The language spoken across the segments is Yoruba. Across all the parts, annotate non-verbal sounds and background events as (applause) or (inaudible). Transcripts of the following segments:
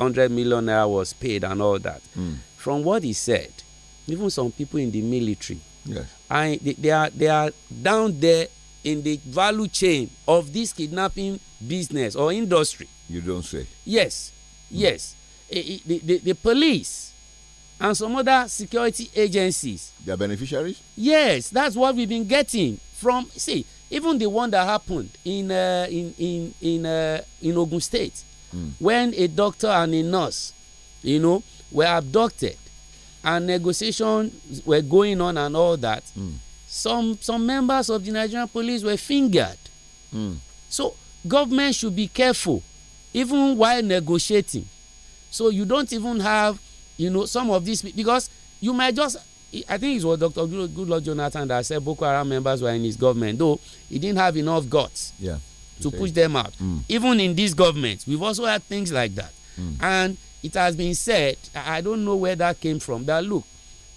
100 million naira was paid and all that. Mm. From what he said, even some people in the military, yes. I, they, they, are, they are down there in the value chain of this kidnapping business or industry. You don't say? Yes, hmm. yes. The, the, the police and some other security agencies. They are beneficiaries? Yes, that's what we've been getting from, see, even the one that happened in, uh, in, in, in, uh, in Ogun State Mm. When a doctor and a nurse, you know, were abducted and negotiations were going on and all that, mm. some some members of the Nigerian police were fingered. Mm. So government should be careful even while negotiating. So you don't even have, you know, some of these because you might just I think it was Dr. Goodluck Jonathan that said Boko Haram members were in his government, though he didn't have enough guts yeah to push them out. Mm. Even in this government, we've also had things like that. Mm. And it has been said, I don't know where that came from, that look,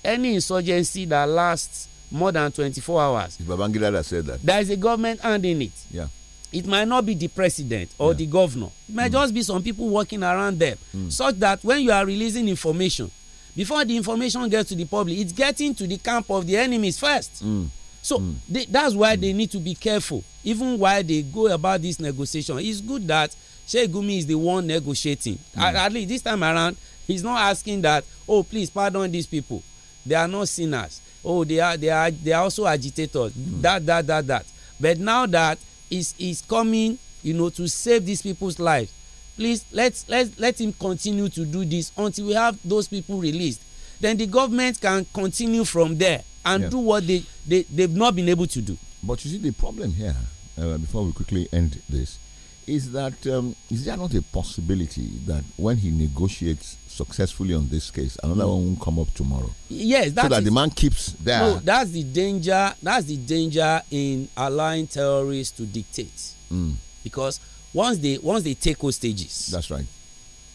any insurgency that lasts more than 24 hours. If Babangida that said that. There is a government hand in it. Yeah. It might not be the president or yeah. the governor. It might mm. just be some people working around them, mm. such that when you are releasing information, before the information gets to the public, it's getting to the camp of the enemies first. Mm. So mm. they, that's why mm. they hmm. need to be careful. Even while they go about this negotiation, it's good that Shegumi is the one negotiating. Mm. At, at least this time around, he's not asking that, oh, please pardon these people. They are not sinners. Oh, they are they are they are also agitators. Mm. That that that that. But now that is is coming, you know, to save these people's lives. Please let let let him continue to do this until we have those people released. Then the government can continue from there and do what they, they, they've not been able to do. But you see, the problem here, uh, before we quickly end this, is that um, is there not a possibility that when he negotiates successfully on this case, another mm. one won't come up tomorrow? Yes, that is. so that is, the man keeps there. No, that's the danger. That's the danger in allowing terrorists to dictate, mm. because once they once they take hostages, that's right.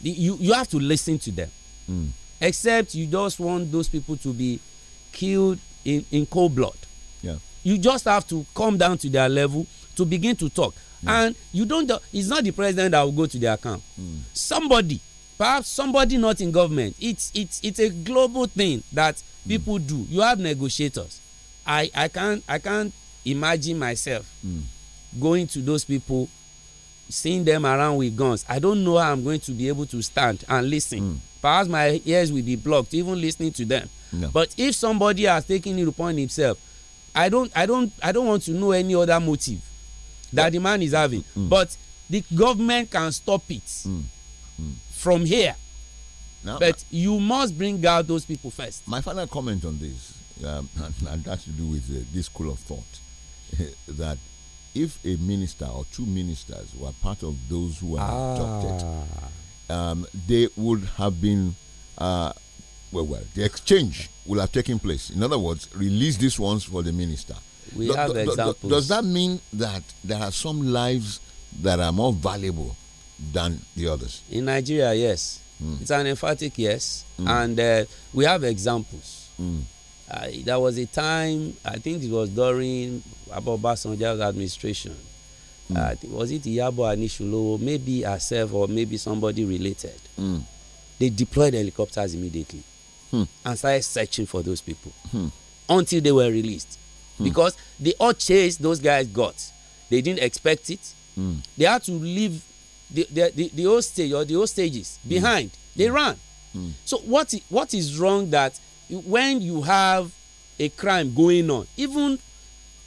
The, you you have to listen to them, mm. except you just want those people to be killed in in cold blood. Yeah. You just have to come down to their level to begin to talk. Yeah. And you don't. It's not the president that will go to their camp. Mm. Somebody, perhaps somebody not in government. It's it's it's a global thing that hmm. people mm. do. You have negotiators. I I can't I can't imagine myself mm. going to those people seeing them around with guns i don't know how i'm going to be able to stand and listen mm. perhaps my ears will be blocked even listening to them no. but if somebody has taken it upon himself i don't i don't i don't want to know any other motive that the man is having mm. but the government can stop it mm. from here now, but my, you must bring out those people first my final comment on this um, (laughs) and, that to do with uh, this school of thought (laughs) that if a minister or two ministers were part of those who were ah. abducted, um, they would have been, uh, well, well, the exchange will have taken place. In other words, release these ones for the minister. We do, have do, examples. Do, does that mean that there are some lives that are more valuable than the others? In Nigeria, yes. Mm. It's an emphatic yes. Mm. And uh, we have examples. Mm. Uh, there was a time, I think it was during Abobasanjo's administration. Mm. Uh, was it Yabo Anishulowo, maybe herself or maybe somebody related? Mm. They deployed helicopters immediately hmm. and started searching for those people hmm. until they were released. Hmm. Because the all chase those guys got, they didn't expect it. They had to leave the, the, the, the, old stage or the old stages behind. They ran. So what what is wrong that when you have a crime going on even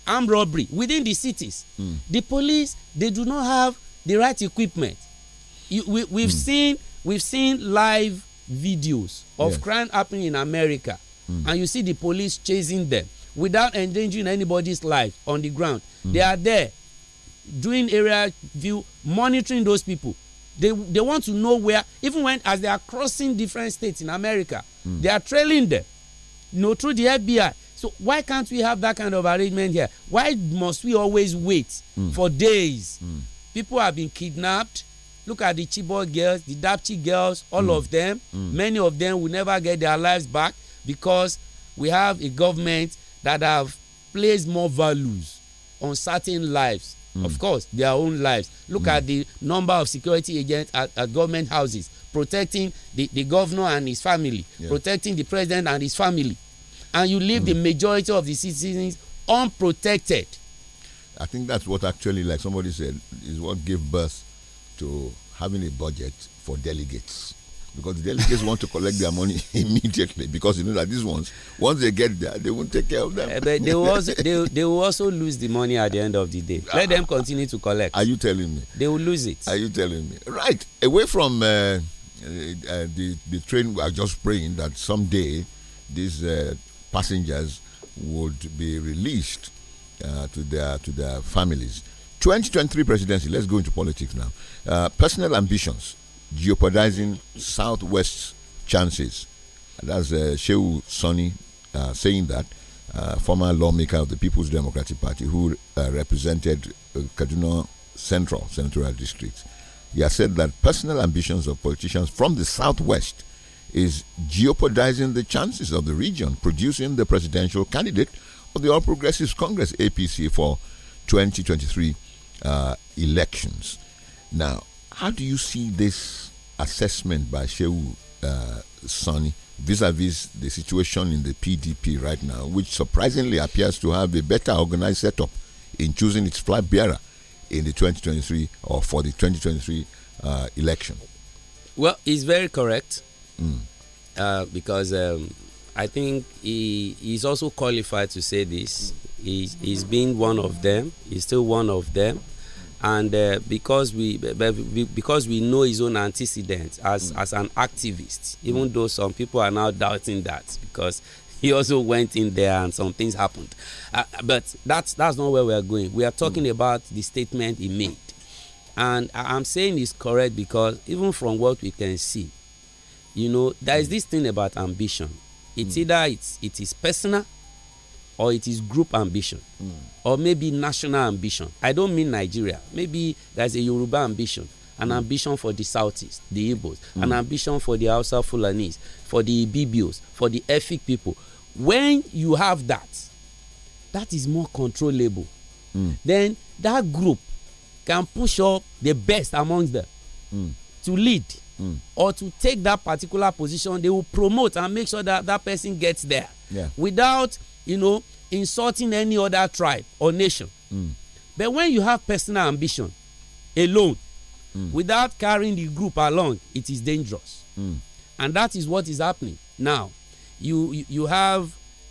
armed robbery within the cities mm. the police they do not have the right equipment you, we, we've mm. seen we've seen live videos of yes. crime happening in america mm. and you see the police chasing them without endangering anybody's life on the ground hmm. they are there doing area view monitoring those people they they want to know where even when as they are crossing different states in america hmm. they are trailing them no through the fbi so why can't we have that kind of arrangement here why must we always wait mm. for days mm. people have been kidnapped look at the chibok girls the dapchi girls all mm. of them hmm. many of them will never get their lives back because we have a government that have placed more values on certain lives hmm. of course their own lives look hmm. at the number of security agents at, at government houses protecting the, the governor and his family, yeah. protecting the president and his family. And you leave mm. the majority of the citizens unprotected. I think that's what actually, like somebody said, is what gave birth to having a budget for delegates because the delegates want to collect their money (laughs) immediately because you know that these ones once they get there they won't take care of them. Uh, but they will also they, they will also lose the money at the end of the day. Let uh, them continue to collect. Are you telling me? They will lose it. Are you telling me? Right away from. Uh, uh, uh, the the train are just praying that someday these uh, passengers would be released uh, to their to their families. 2023 presidency. Let's go into politics now. Uh, personal ambitions jeopardizing Southwest's chances. That's uh, Shehu Sonny uh, saying that. former lawmaker of the People's Democratic Party who represented Kaduna Central, Central District. He has said that personal ambitions of politicians from the Southwest is jeopardizing the chances of the region producing the presidential candidate of the All Progressives Congress APC for 2023 uh, elections. Now, how do you see this assessment by Shehu uh, vis-a-vis the situation in the PDP right now, which surprisingly appears to have a better organized setup in choosing its flag bearer in the 2023 or for the 2023 uh, election? Well, he's very correct mm. uh, because um, I think he he's also qualified to say this. He's, he's been one of them. He's still one of them, and uh, because we because we know his own antecedents as mm. as an activist, even though some people are now doubting that because he also went in there and some things happened. Uh, but that's that's not where we are going. We are talking mm. about the statement he made, and I, am saying it's correct because even from what we can see, you know, there is mm. this thing about ambition. It's mm. either it's it is personal, or it is group ambition, mm. or maybe national ambition. I don't mean Nigeria. Maybe there's a Yoruba ambition an mm. ambition for the southeast the igbos mm. an ambition for the hausa fulanis for the ibibios for the efik people when you have that that is more controllable mm. then that group can push up the best amongst them mm. to lead mm. or to take that particular position they will promote and make sure that that person gets there yeah. without you know insulting any other tribe or nation hmm. but when you have personal ambition alone hmm. without carrying the group along it is dangerous hmm. and that is what is happening now you you, have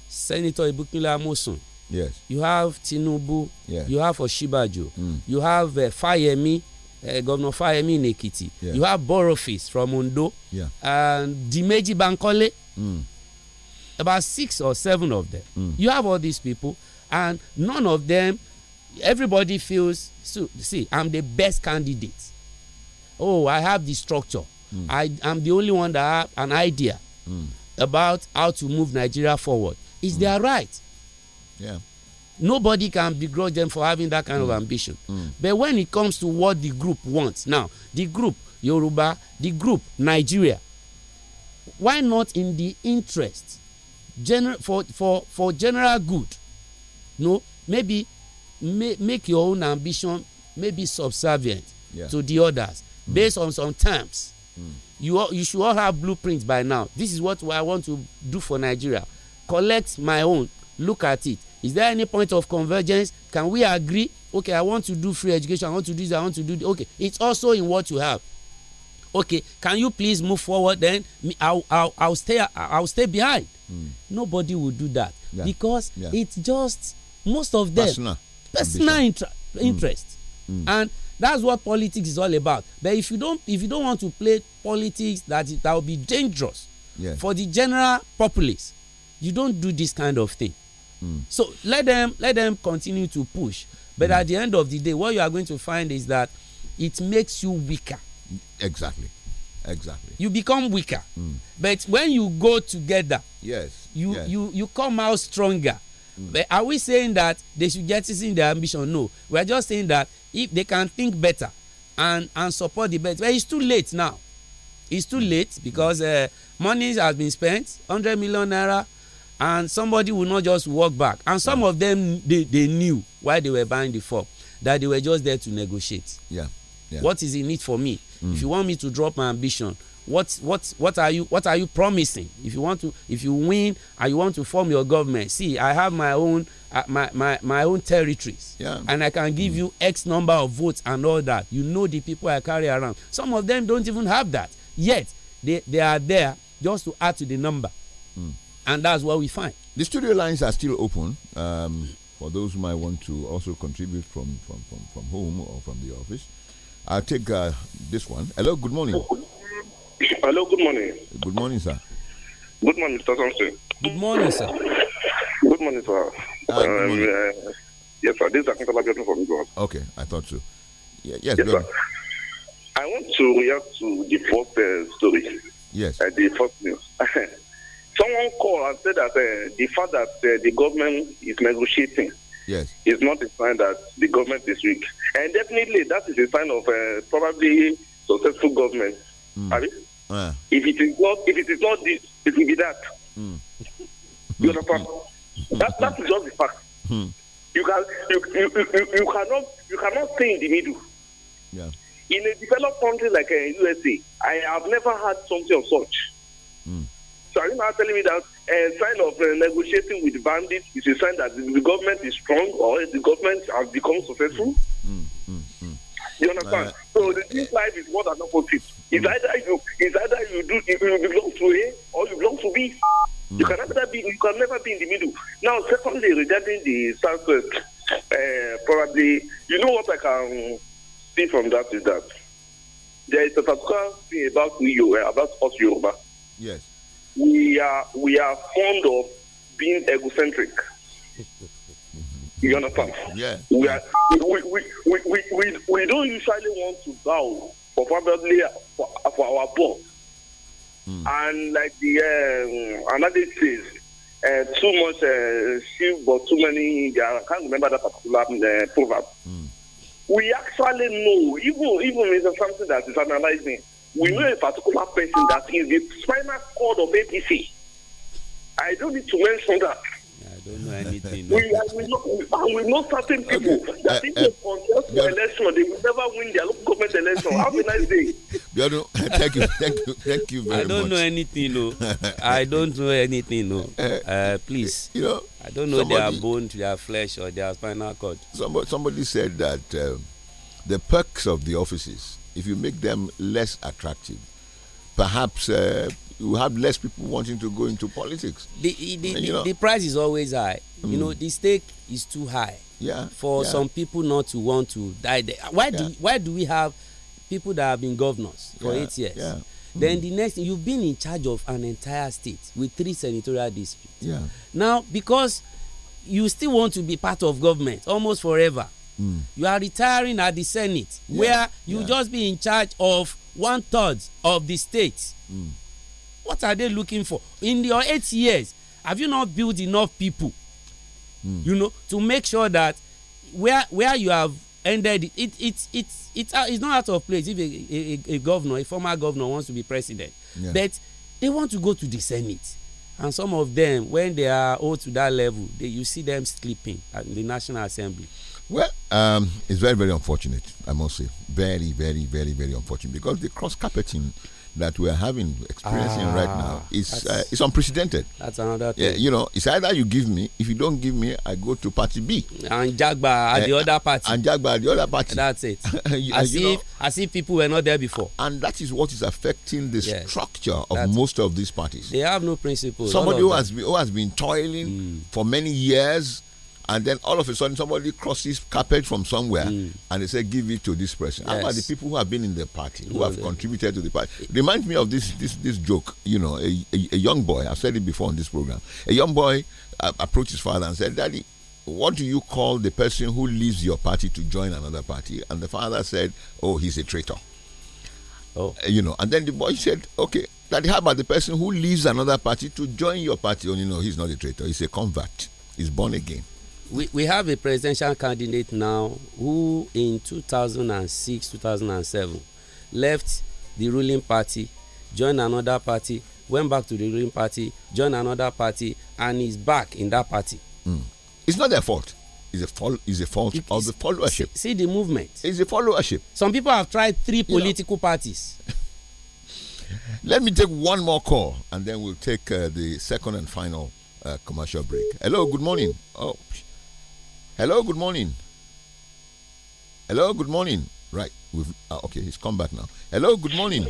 Senator Ibukila Amosun. Yes. You have Tinubu. Yes. You have Oshibajo. Mm. You have uh, Fayemi, uh, Governor Fayemi in Ekiti. Yes. You have Borofis from Ondo. Yeah. And Dimeji Bankole. Mm. About six or seven of them. Mm. You have all these people, and none of them, everybody feels, so, see, I'm the best candidate. Oh, I have the structure. Mm. I am the only one that have an idea. Mm about how to move Nigeria forward. is mm. their right. Yeah. Nobody can begrudge them for having that kind mm. of ambition. Mm. But when it comes to what the group wants now, the group Yoruba, the group Nigeria, why not in the interest general for for for general good? No, maybe may, make your own ambition maybe subservient yeah. to the others mm. based on some terms. Mm you all, you should all have blueprints by now this is what i want to do for nigeria collect my own look at it is there any point of convergence can we agree okay i want to do free education i want to do this i want to do this. okay it's also in what you have okay can you please move forward then I i'll, I'll stay i'll stay behind mm. nobody will do that yeah. because yeah. it's just most of them personal, personal inter hmm. interest mm. Mm. and that's what politics is all about but if you don't if you don't want to play politics that that will be dangerous yeah. for the general populace you don't do this kind of thing mm. so let them let them continue to push but mm. at the end of the day what you are going to find is that it makes you weaker exactly exactly you become weaker mm. but when you go together yes you yes. you you come out stronger hmm. but are we saying that they should get this in their ambition no we are just saying that if they can think better and and support the best, but it's too late now it's too late because uh, money has been spent hundred million naira and somebody will not just walk back and some yeah. of them they, they knew why they were buying the fob that they were just there to negotiate yeah, yeah. what is in it for me mm. if you want me to drop my ambition what what what are you what are you promising if you want to if you win and you want to form your government see i have my own Uh, my, my, my own territories yeah. and i can give mm. you x number of votes and all that you know the people i carry around some of them don't even have that yet they, they are there just to add to the number mm. and that's what we find the studio lines are still open um, for those who might want to also contribute from, from, from, from home or from the office i'll take uh, this one hello good morning hello good morning good morning sir good morning mr thompson good morning sir good morning sir um, uh, yes, sir. This is Akintola Abiodun from Lagos. Okay, I thought so. Yeah, yes, yes sir. I want to react to the first uh, story. Yes. Uh, the first news. (laughs) Someone called and said that uh, the fact that uh, the government is negotiating yes. is not a sign that the government is weak. And definitely that is a sign of uh, probably successful government. Mm. If it is not if it is not this, it will be that. Mm. you understand? Hmm. That, that is just the fact. Hmm. You, can, you, you, you, you, cannot, you cannot stay in the middle. Yeah. In a developed country like uh, USA, I have never had something of such. Mm. So are you now telling me that a uh, sign of uh, negotiating with bandits is a sign that the government is strong or the government has become successful? Hmm. Hmm. Hmm. you understand? Uh, so the thing life is what than opposite. It's either you, it's either you do you belong to A or you belong to B. You can never be you can never be in the middle. Now, secondly, regarding the Southwest, uh, probably you know what I can see from that is that there is a particular thing about we eh, about us Yoruba. Yes. We are we are fond of being egocentric. (laughs) you understand? Yeah. We are we, we, we, we, we, we don't usually want to bow for probably for, for our boss and like the um, analysis uh, too much uh, sheep but too many i can't remember that particular uh, proverb mm. we actually know even even it's something that is analyzing we know a particular person that is the spinal cord of apc i don't need to mention that don't know anything. We, and, uh, we know, and uh, we know certain people okay. that uh, if uh, they contest for election, they will never win their local government election. Have a nice day. (laughs) Biodo, thank you, thank you, thank you very much. I don't much. know anything, no. (laughs) I don't know anything, no. Uh, uh, please. You know, I don't know somebody, their bone their flesh or their spinal cord. Somebody, somebody said that um, the perks of the offices, if you make them less attractive, perhaps uh, you have less people wanting to go into politics. The the, and, the, know, the price is always high. Mm. You know mm. the stake is too high. Yeah. For yeah. some people not to want to die there. Why yeah. do why do we have people that have been governors for yeah. eight years? Yeah. Mm. Then the next you've been in charge of an entire state with three senatorial districts. Yeah. Now because you still want to be part of government almost forever. Mm. You are retiring at the Senate yeah. where you just be in charge of one third of the state. Mm what are they looking for in your eight years have you not built enough people mm. you know to make sure that where where you have ended it it it it, uh, it is not out of place if a, a, a governor a former governor wants to be president yeah. but they want to go to the senate and some of them when they are old to that level they you see them sleeping at the national assembly. well um, it's very very unfortunate i must say very very very very unfortunate because the cross carpeting that we're having experiencing ah, right now is uh, it's unprecedented. That's another thing. Yeah, you know, it's either you give me. If you don't give me, I go to party B. And Jagba at uh, the eh, other party. And Jagba at the other party. That's it. (laughs) you, as, you if, know, as if people were not there before. And that is what is affecting the yes, structure of most of these parties. They have no principles. Somebody who has, been, who has been toiling mm. for many years and then all of a sudden somebody crosses carpet from somewhere mm. and they say give it to this person yes. about the people who have been in the party who have contributed to the party Remind me of this this this joke you know a, a, a young boy i've said it before on this program a young boy uh, approached his father and said daddy what do you call the person who leaves your party to join another party and the father said oh he's a traitor oh uh, you know and then the boy said okay daddy how about the person who leaves another party to join your party oh you know he's not a traitor he's a convert he's born again we, we have a presidential candidate now who in 2006 2007 left the ruling party joined another party went back to the ruling party joined another party and is back in that party. Mm. it's not their fault it's a fault is a fault it, of the followership. See, see, the movement. it's a followership. some people have tried three political you know. parties. (laughs) let me take one more call and then we'll take uh, the second and final uh, commercial break hello good morning oh. Hello, good morning. Hello, good morning. Right, we've uh, okay, he's come back now. Hello, good morning.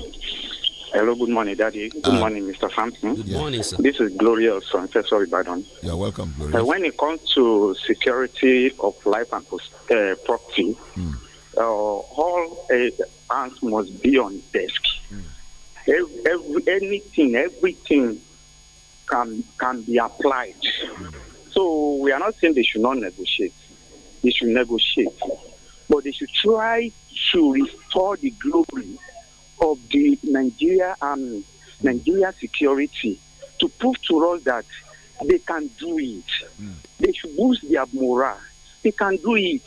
Hello, good morning, Daddy. Good uh, morning, Mr. Frampton. Hmm? Good morning, sir. This is Gloria from Sorry, Ibadan. You're welcome, Gloria. Uh, when it comes to security of life and uh, property, mm. all hands uh, must be on desk. Mm. Every, every, anything, everything can can be applied. Mm. So we are not saying they should not negotiate. They should negotiate. But they should try to restore the glory of the Nigeria army, Nigeria security, to prove to us that they can do it. Mm. They should boost their morale. They can do it.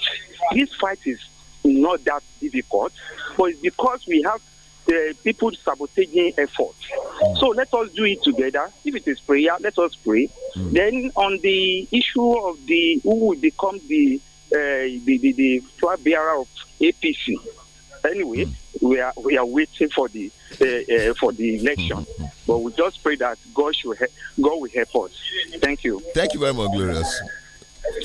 This fight is not that difficult, but it's because we have the uh, people sabotaging efforts. Mm. So let us do it together. If it is prayer, let us pray. Mm. Then on the issue of the who will become the Eh, the, the, the flag bearer of APC. Anyway, hmm. we are we are waiting for the eh, eh, for the election, hmm, hmm, but we just pray that God should God will help us. Thank you. Thank you very much, glorious.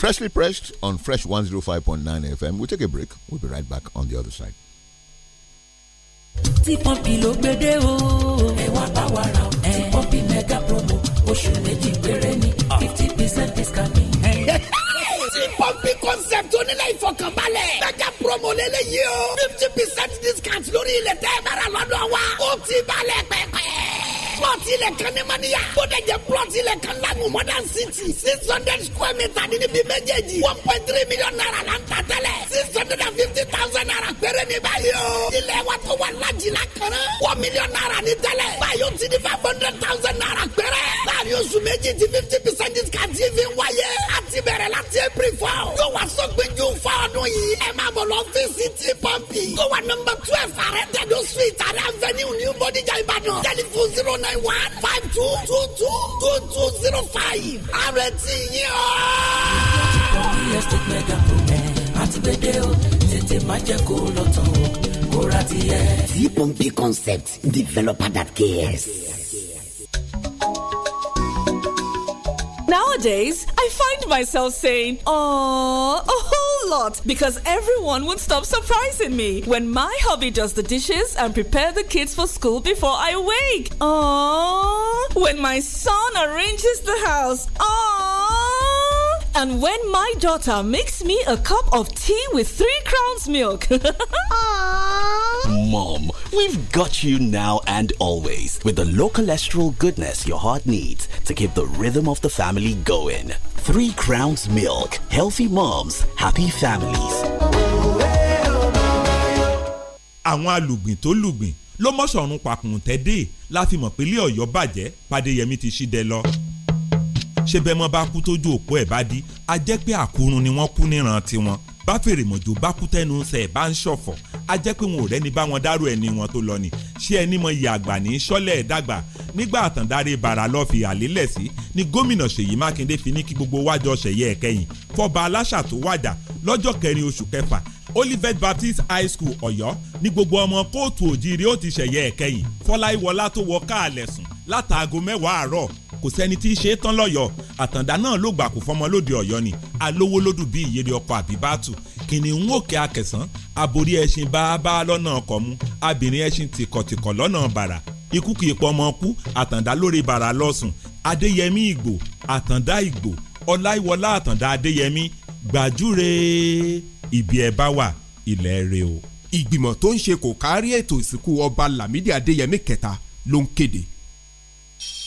Freshly pressed on Fresh 105.9 FM. We'll take a break. We'll be right back on the other side. tí pọ́ǹpì ló gbédè o. ẹ wá bá wa ra ọ tí pọ́ǹpì mega promo oṣù méjì péré ni fifty percent discount pọ́ńpì concept onílé ìfọkànbalẹ̀. gbẹ̀gẹ́ promo lélẹ́yìí o. fifty percent discount lórí ilẹ̀ tẹ́ bára lọ́dọ̀ wa. ó ti balẹ̀ pẹ́pẹ́ plọti ilẹ̀ kan ní Màníyà. Bódẹ̀jẹ̀ plọti ilẹ̀ kan lágùn modern city. six hundred square meter ní níbi méjèèjì. one point three million naira la ń ta tẹ́lẹ̀. six hundred and fifty thousand naira péré ní báyìí o. ilẹ̀ wa tó wà lájìlá kan. one million naira ní tẹ́lẹ̀. báyìí ti di five hundred thousand naira péré. láàrin oṣù méjì ti fifty percent discount ti fi wáyé. april four. yóò wá sọ́gbẹ́jú fún ọdún yìí. ẹ máa bọ̀ lọ fisiti pọ́ǹpì. tó wà nọmba twelve àrẹ tẹ̀dó street àrẹ avenue new bodijà ìbàdàn. tẹlifon zero nine one five two two two two two zero five. àrẹ ti yín ọ́. àti gbèdé o tètè má jẹ́ kó lọ tán o kó ra tiẹ̀. tí pọ́ǹpì concept developer that cares. Nowadays, I find myself saying, "Oh, a whole lot because everyone would stop surprising me when my hubby does the dishes and prepare the kids for school before I wake. Oh, when my son arranges the house. Oh, and when my daughter makes me a cup of tea with three crowns milk. (laughs) mom. We've got you now and always with the low cholesterol goodness your heart needs to keep the rhythm of the family going. Three Crowns Milk. Healthy moms, happy families. Àwọn alùgbìn tó lùgbìn ló mọ́ṣọ̀run pàkùn tẹ́dé la fi mọ̀ pé ilé Ọ̀yọ́ bàjẹ́ Pàdéyẹmí ti ṣídẹ lọ. Ṣé bẹ́ẹ̀ mọ́ bá kú tójú òpó ẹ̀ bá dí a jẹ́ pé àkúrun ni wọ́n kú níran tiwọn bá fèrè mọ̀jò bá kú tẹ́nu sẹ̀ bá ń ṣọ̀fọ̀ a jẹ́ pé wọn ò rẹ́ni bá wọn dárò ẹni wọn tó lọ ni ṣé ẹni mọ iye àgbà ní sọ́lẹ̀ dàgbà nígbà àtàndáre bàrà lọ́ọ́ fi àlélẹ̀ sí ni gómìnà Ṣèyí Mákindé fi ní kí gbogbo wájọ ṣẹ̀yẹ ẹ̀kẹyìn fọba aláṣà tó wàjà lọ́jọ́ kẹrin oṣù kẹfà Olivet Baptist High School Ọ̀yọ́ Ni gbogbo ọmọ kóòtù òjìrì ó ti ṣẹ̀yẹ ẹ̀kẹyìn Fọláìwọlá tó wọ káàlẹ̀ sùn látàgò mẹ́wàá àárọ̀ kò sẹ́ni tí í ṣe é tán lọ́yọ̀ọ́ àtàndá náà ló gbà kó fọmọ lóde ọ̀yọ́ ni alówó lódù bí ìyèrè ọkọ̀ àbíbátù kìnìún òkè akẹ̀sán aborí ẹṣin báábá lọ́nà ọkọ̀ mu abìnrin ẹṣin tìkọ̀tìkọ̀ lọ́nà bàrà ikú kì í pọ̀ ọmọ kú àtàndá lórí bàrà lọ́sùn adéyẹmí ìgbò àtàndá ìgbò ọláìwọlá àtàndá adéyẹmí gbàjúre ibi ẹ bá wà ilẹ̀ rẹ o. ìgbìmọ̀ tó ń ṣe kò kárí ètò ìsìnkú ọba lámìdí adéyẹmí kẹta ló ń kéde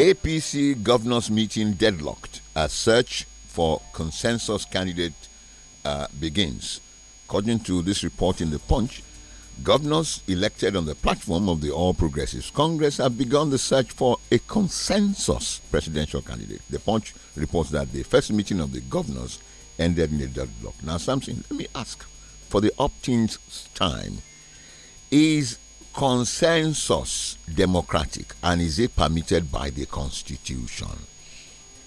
APC governors meeting deadlocked as search for consensus candidate uh, begins. According to this report in the Punch, governors elected on the platform of the All Progressives Congress have begun the search for a consensus presidential candidate. The Punch reports that the first meeting of the governors ended in a deadlock. Now, something. let me ask for the opt in time. Is consensus democratic and is it permitted by the constitution?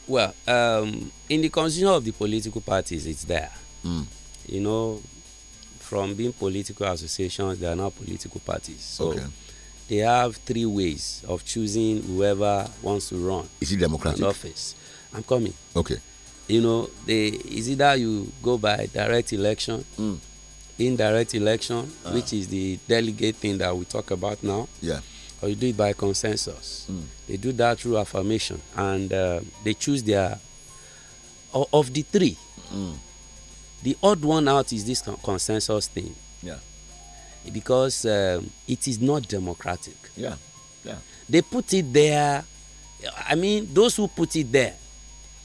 Well, um, in the constitution of the political parties, it's there. Mm. You know, from being political associations, they are now political parties. So okay. they have three ways of choosing whoever wants to run. Is it democratic? office. I'm coming. Okay. You know, they, is either you go by direct election. Mm indirect election, uh. which is the delegate thing that we talk about now. Yeah. Or you do it by consensus. Mm. They do that through affirmation, and uh, they choose their of the three. Mm. The odd one out is this consensus thing. Yeah. Because um, it is not democratic. Yeah. Yeah. They put it there. I mean, those who put it there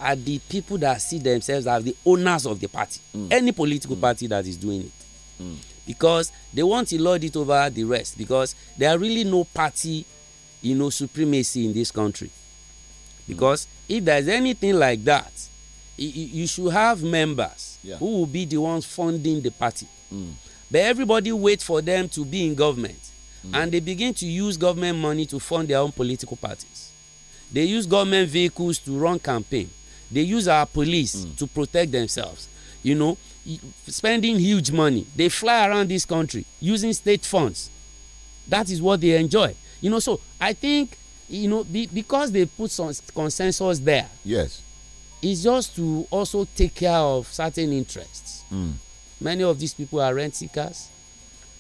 are the people that see themselves as the owners of the party. Mm. Any political mm. party that is doing it. Mm. Because they want to lord it over the rest because there are really no party, you know, supremacy in this country. Because mm. if there's anything like that, you should have members yeah. who will be the ones funding the party. Mm. But everybody wait for them to be in government. Mm. And they begin to use government money to fund their own political parties. They use government vehicles to run campaign. They use our police mm. to protect themselves you know spending huge money they fly around this country using state funds that is what they enjoy you know so i think you know be, because they put some consensus there yes it's just to also take care of certain interests mm. many of these people are rent seekers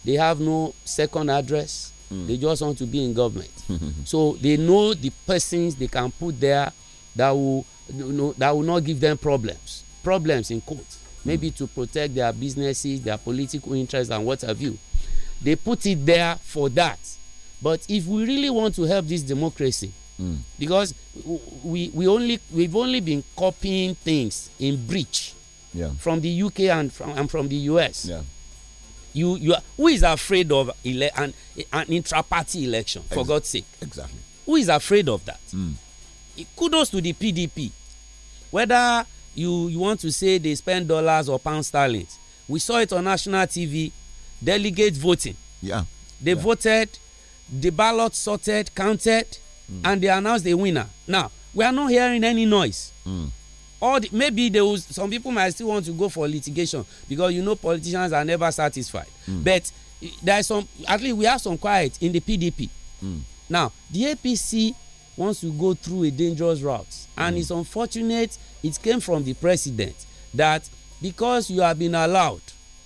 they have no second address mm. they just want to be in government (laughs) so they know the persons they can put there that will you know, that will not give them problems problems in quotes maybe to protect their businesses, their political interests, and what have you. They put it there for that. But if we really want to help this democracy, mm. because we we only we've only been copying things in breach yeah. from the UK and from and from the US. Yeah. You you are, who is afraid of ele- an an intra-party election for Ex God's sake? Exactly. Who is afraid of that? Mm. Kudos to the PDP. Whether you you want to say they spend dollars or pound sterling we saw it on national tv delegate voting yeah they yeah. voted the ballot sorted counted mm. and they announced the winner now we are not hearing any noise mm. or the, maybe there was some people might still want to go for litigation because you know politicians are never satisfied mm. but eh, there is some at least we have some quiet in the pdp mm. now the apc wants to go through a dangerous route and mm. it's unfortunate it came from the president that because you have been allowed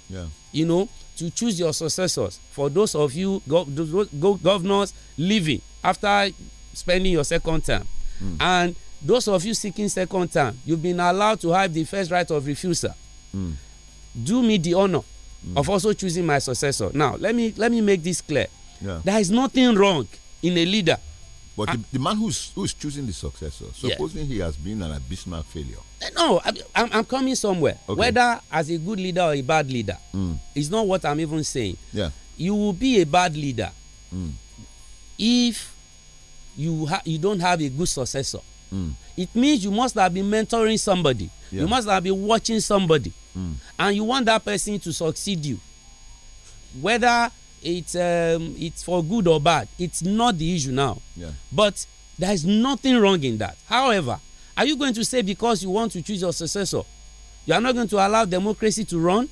yeah. you know to choose your successors for those of you go, go, governors leaving after spending your second term mm. and those of you seeking second term you've been allowed to have the first right of refusal mm. do me the honor mm. of also choosing my successor now let me let me make this clear yeah. there is nothing wrong in a leader But the, ah. the, man who's who's choosing the successor, supposing yeah. he has been an abysmal failure. Eh, no, I, am I'm coming somewhere. Okay. Whether as a good leader or a bad leader, mm. it's not what I'm even saying. Yeah, you will be a bad leader mm. if you you don't have a good successor. Mm. It means you must have been mentoring somebody. Yeah. You must have been watching somebody, mm. and you want that person to succeed you. Whether it's um, it's for good or bad. It's not the issue now. Yeah. But there is nothing wrong in that. However, are you going to say because you want to choose your successor, you are not going to allow democracy to run?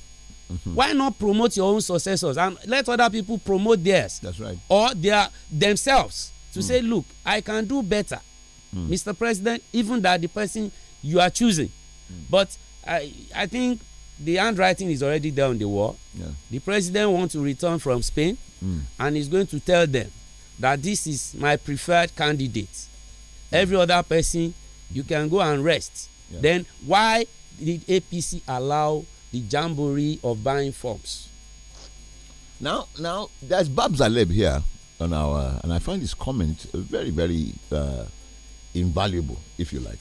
Mm-hmm. Why not promote your own successors and let other people promote theirs? That's right. Or their themselves to mm. say, look, I can do better, mm. Mr. President, even that the person you are choosing. Mm. But I I think the handwriting is already there on the wall. Yeah. The president wants to return from Spain mm. and is going to tell them that this is my preferred candidate. Hmm. Every other person, you can go and rest. Yeah. Then why did APC allow the jamboree of buying forms? Now, now there's Bab Zaleb here on our, and I find his comment very, very uh, invaluable, if you like.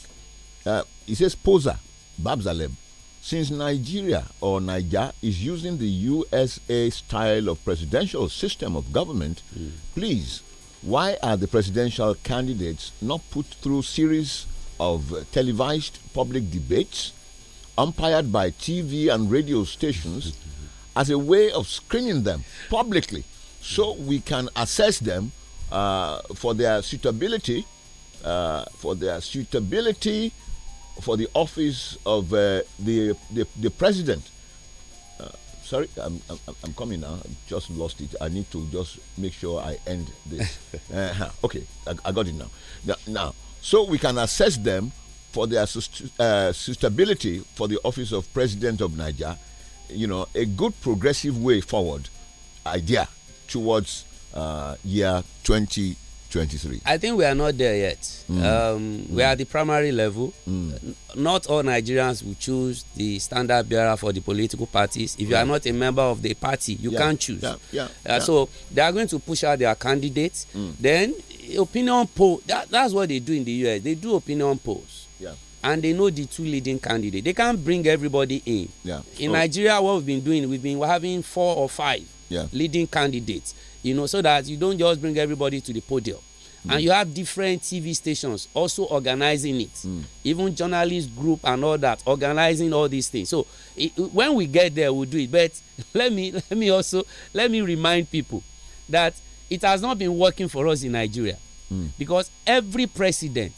Uh, he says, "Poser, Bab Zaleb." Since Nigeria or Niger is using the USA style of presidential system of government, mm. please, why are the presidential candidates not put through series of televised public debates umpired by TV and radio stations (laughs) as a way of screening them publicly so hmm. we can assess them uh, for their suitability uh, for their suitability for the office of uh, the, the, the president. Uh, sorry, I'm, I'm, I'm coming now. I just lost it. I need to just make sure I end this. (laughs) uh, okay, I, I, got it now. now. now. so we can assess them for their suitability uh, for the office of president of Niger. You know, a good progressive way forward idea towards uh, year 2020. 23. I think we are not there yet. Mm. Um, mm. We are at the primary level. Mm. Not all Nigerians will choose the standard bearer for the political parties. If you are not a member of the party, you yeah. can't choose. Yeah. Yeah. Uh, yeah. So they are going to push out their candidates. Mm. Then opinion poll. That, that's what they do in the US. They do opinion polls. Yeah. And they know the two leading candidates. They can't bring everybody in. Yeah. In so, Nigeria, what we've been doing, we've been having four or five yeah. leading candidates you know so that you don't just bring everybody to the podium mm. and you have different tv stations also organizing it mm. even journalist group and all that organizing all these things so it, when we get there we'll do it but (laughs) let me let me also let me remind people that it has not been working for us in nigeria mm. because every president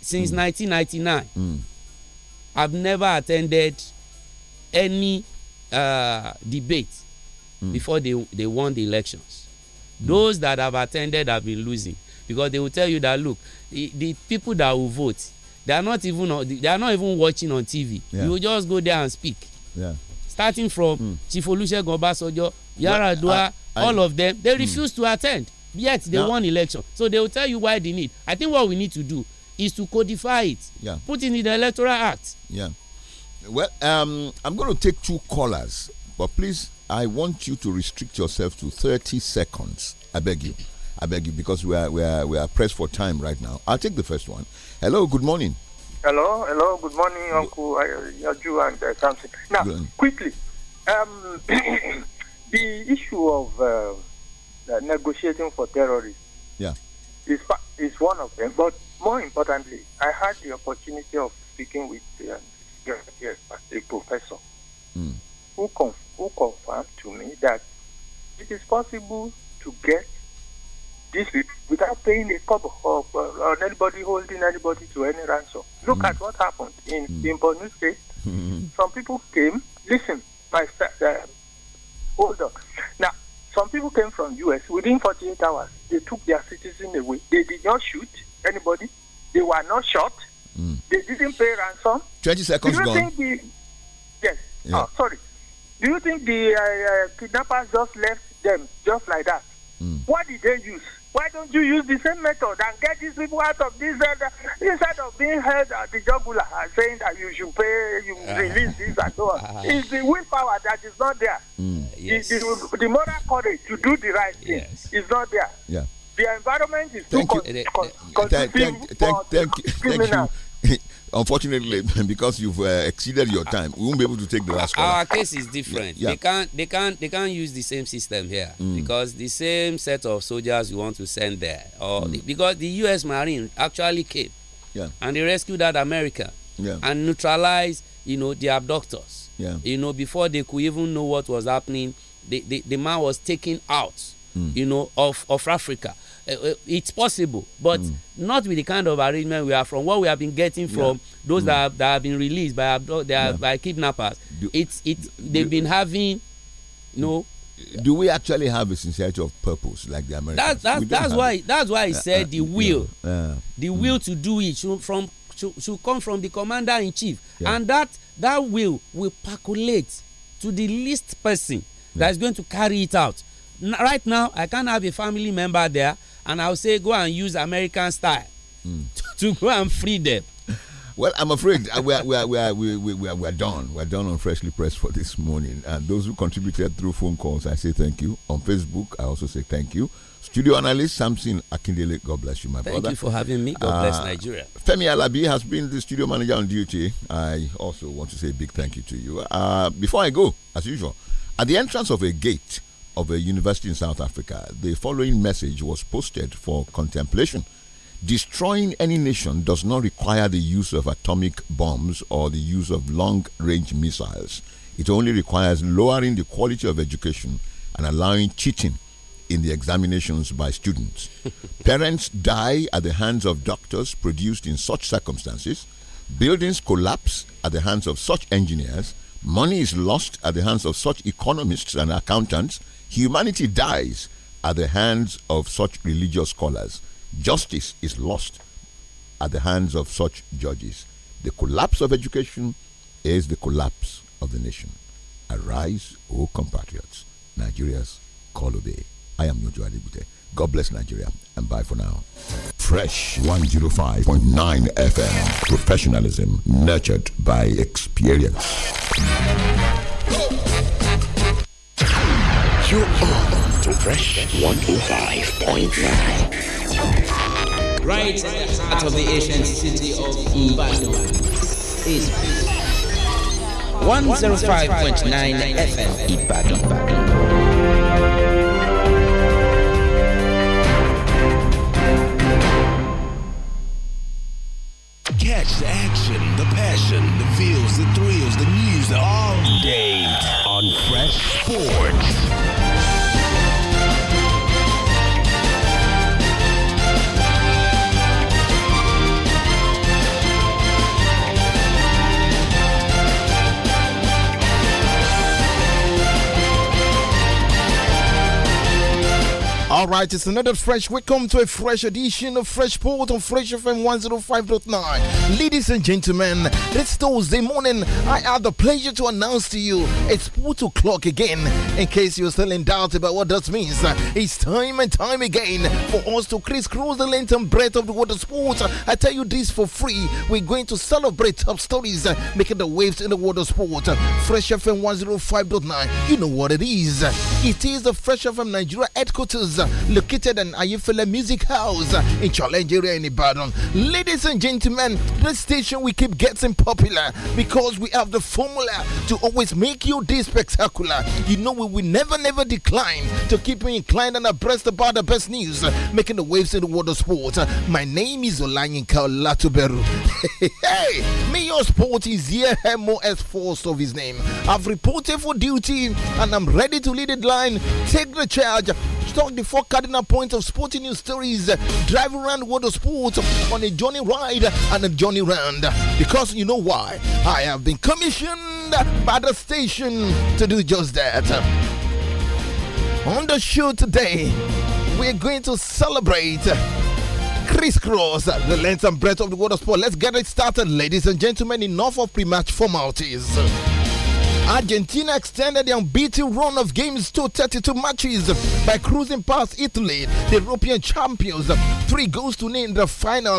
since 1999 mm. mm. have never attended any uh, debate mm. before they they won the elections mm. those that have attended have been losing because they will tell you that look the, the people that will vote they are not even they are not even watching on tv yeah. you will just go there and speak yeah. starting from mm. chief olusegun obasanjo yaradua well, all of them they mm. refuse to attend yet they now, won election so they will tell you why they need i think what we need to do is to codify it yeah. put it in the electoral act yeah well um, i'm going to take two callers but please I want you to restrict yourself to 30 seconds. I beg you. I beg you because we are, we are, we are pressed for time right now. I'll take the first one. Hello, good morning. Hello, hello, good morning, Uncle Yaju and uh, Samson. Now, quickly, um, (clears throat) the issue of uh, negotiating for terrorists yeah. is, is one of them. But more importantly, I had the opportunity of speaking with uh, um, a professor mm. who confirmed who confirmed to me that it is possible to get this without paying a cup of uh, or anybody holding anybody to any ransom. Look mm. at what happened in mm. in Borno State. Mm. Some people came. Listen, my uh, hold on. Now, some people came from U.S. Within 48 hours, they took their citizen away. They did not shoot anybody. They were not shot. Mm. They didn't pay ransom. 20 seconds Do you gone. Think the, yes. Yeah. Oh, sorry. Do you think the uh, uh, kidnappers just left them just like that? Mm. What did they use? Why don't you use the same method and get these people out of this uh, instead of being held at the jugular and saying that you should pay, you (laughs) release this and so on? (laughs) It's the willpower that is not there. Mm, yes. the, the, the, moral courage to do the right thing yes. is not there. Yeah the environment is thank too you. Con- eh, eh, con- eh, thank, thank, thank, thank, you. unfortunately, (laughs) because you've uh, exceeded your ah, time, we won't be able to take the last call. Our case is different. Yeah. They can't, they can't, they can't use the same system here mm. because the same set of soldiers you want to send there, or mm. the, because the U.S. Marine actually came, yeah. and they rescued that America, yeah. and neutralized, you know, the abductors. Yeah. You know, before they could even know what was happening, the the, the man was taken out, mm. you know, of of Africa uh, it's possible but mm. not with the kind of arrangement we are from what we have been getting from yeah. those mm. that, have, that have been released by abdu- they are, yeah. by kidnappers do, it's it's they've do, been having no. do we actually have a sincerity of purpose like the Americans? That's that's, that's why it. that's why I said uh, the will, yeah. the hmm. will to do it should from should, should come from the commander in chief, and that that will will percolate to the least person that is going to carry it out. N right now, I can't have a family member there and I'll say go and use American style mm. to, (laughs) to, go and free them. Well, I'm afraid uh, we are, we, are, we, are, we, we, we, are, we are done. We're done on Freshly Pressed for this morning. And those who contributed through phone calls, I say thank you. On Facebook, I also say thank you. Studio analyst Samson Akindele, God bless you, my Thank brother. Thank you for having me. God uh, bless Nigeria. Femi Alabi has been the studio manager on duty. I also want to say a big thank you to you. Uh, before I go, as usual, at the entrance of a gate, of a university in South Africa, the following message was posted for contemplation. Destroying any nation does not require the use of atomic bombs or the use of long range missiles. It only requires lowering the quality of education and allowing cheating in the examinations by students. (laughs) Parents die at the hands of doctors produced in such circumstances. Buildings collapse at the hands of such engineers. Money is lost at the hands of such economists and accountants Humanity dies at the hands of such religious scholars. Justice is lost at the hands of such judges. The collapse of education is the collapse of the nation. Arise, O compatriots. Nigeria's call obey. I am Nojo Adibute. God bless Nigeria and bye for now. Fresh 105.9 FM. Professionalism nurtured by experience. You are to Fresh 105.9. Right out of the ancient city of Ibadan is 105.9 FM Ibadan. Ibadan. Catch the action, the passion, the feels, the thrills, the news all day on Fresh Sports. All right, it's another fresh welcome to a fresh edition of Fresh Port on Fresh FM 105.9. Ladies and gentlemen, it's Thursday morning. I have the pleasure to announce to you it's 4 o'clock again. In case you're still in doubt about what that means, it's time and time again for us to crisscross the length and breadth of the water sports. I tell you this for free. We're going to celebrate top stories making the waves in the water sport. Fresh FM 105.9. You know what it is. It is the Fresh FM Nigeria headquarters located in Ayefele Music House in Challenge area in Ibadan. Ladies and gentlemen, this station we keep getting popular because we have the formula to always make you this spectacular. You know, we will never, never decline to keep you inclined and abreast about the best news, making the waves in the world of My name is Olanyinka Latuberu. (laughs) hey, Mayor Sport is here, MOS Force of his name. I've reported for duty and I'm ready to lead the line, take the charge, talk the four cardinal points of sporting news stories. Uh, Drive around world of sports on a journey ride and a journey round. Because you know why? I have been commissioned by the station to do just that. On the show today, we're going to celebrate uh, crisscross the length and breadth of the world of sport. Let's get it started, ladies and gentlemen. Enough of pre-match formalities. Argentina extended their unbeaten run of games to 32 matches by cruising past Italy, the European champions, three goals to nil in the final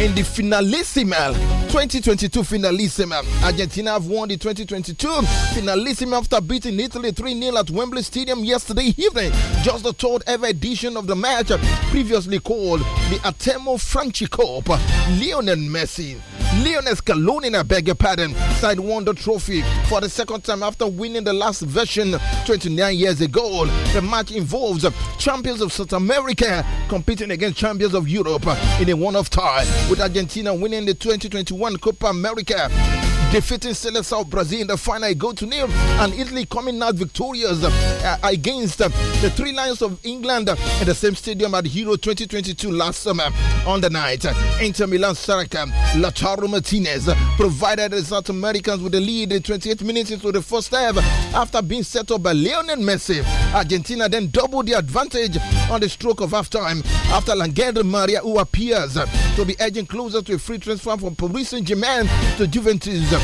in the finalissima 2022 finalissima argentina have won the 2022 finalissima after beating italy 3-0 at wembley stadium yesterday evening just the third ever edition of the match previously called the atemo franchi cup lionel messi Leones Kalonina, beg your pardon, side won the trophy for the second time after winning the last version 29 years ago. The match involves champions of South America competing against champions of Europe in a one-off tie, with Argentina winning the 2021 Copa America defeating Seleção Brazil in the final. I go to nil, and Italy coming out victorious uh, against uh, the Three Lions of England uh, the same stadium at Euro 2022 last summer on the night. Inter Milan striker Lautaro Martinez provided the South Americans with the lead in 28 minutes into the first half after being set up by Lionel Messi. Argentina then doubled the advantage on the stroke of halftime after Langel Maria, who appears to be edging closer to a free transfer from Paris Saint-Germain to Juventus.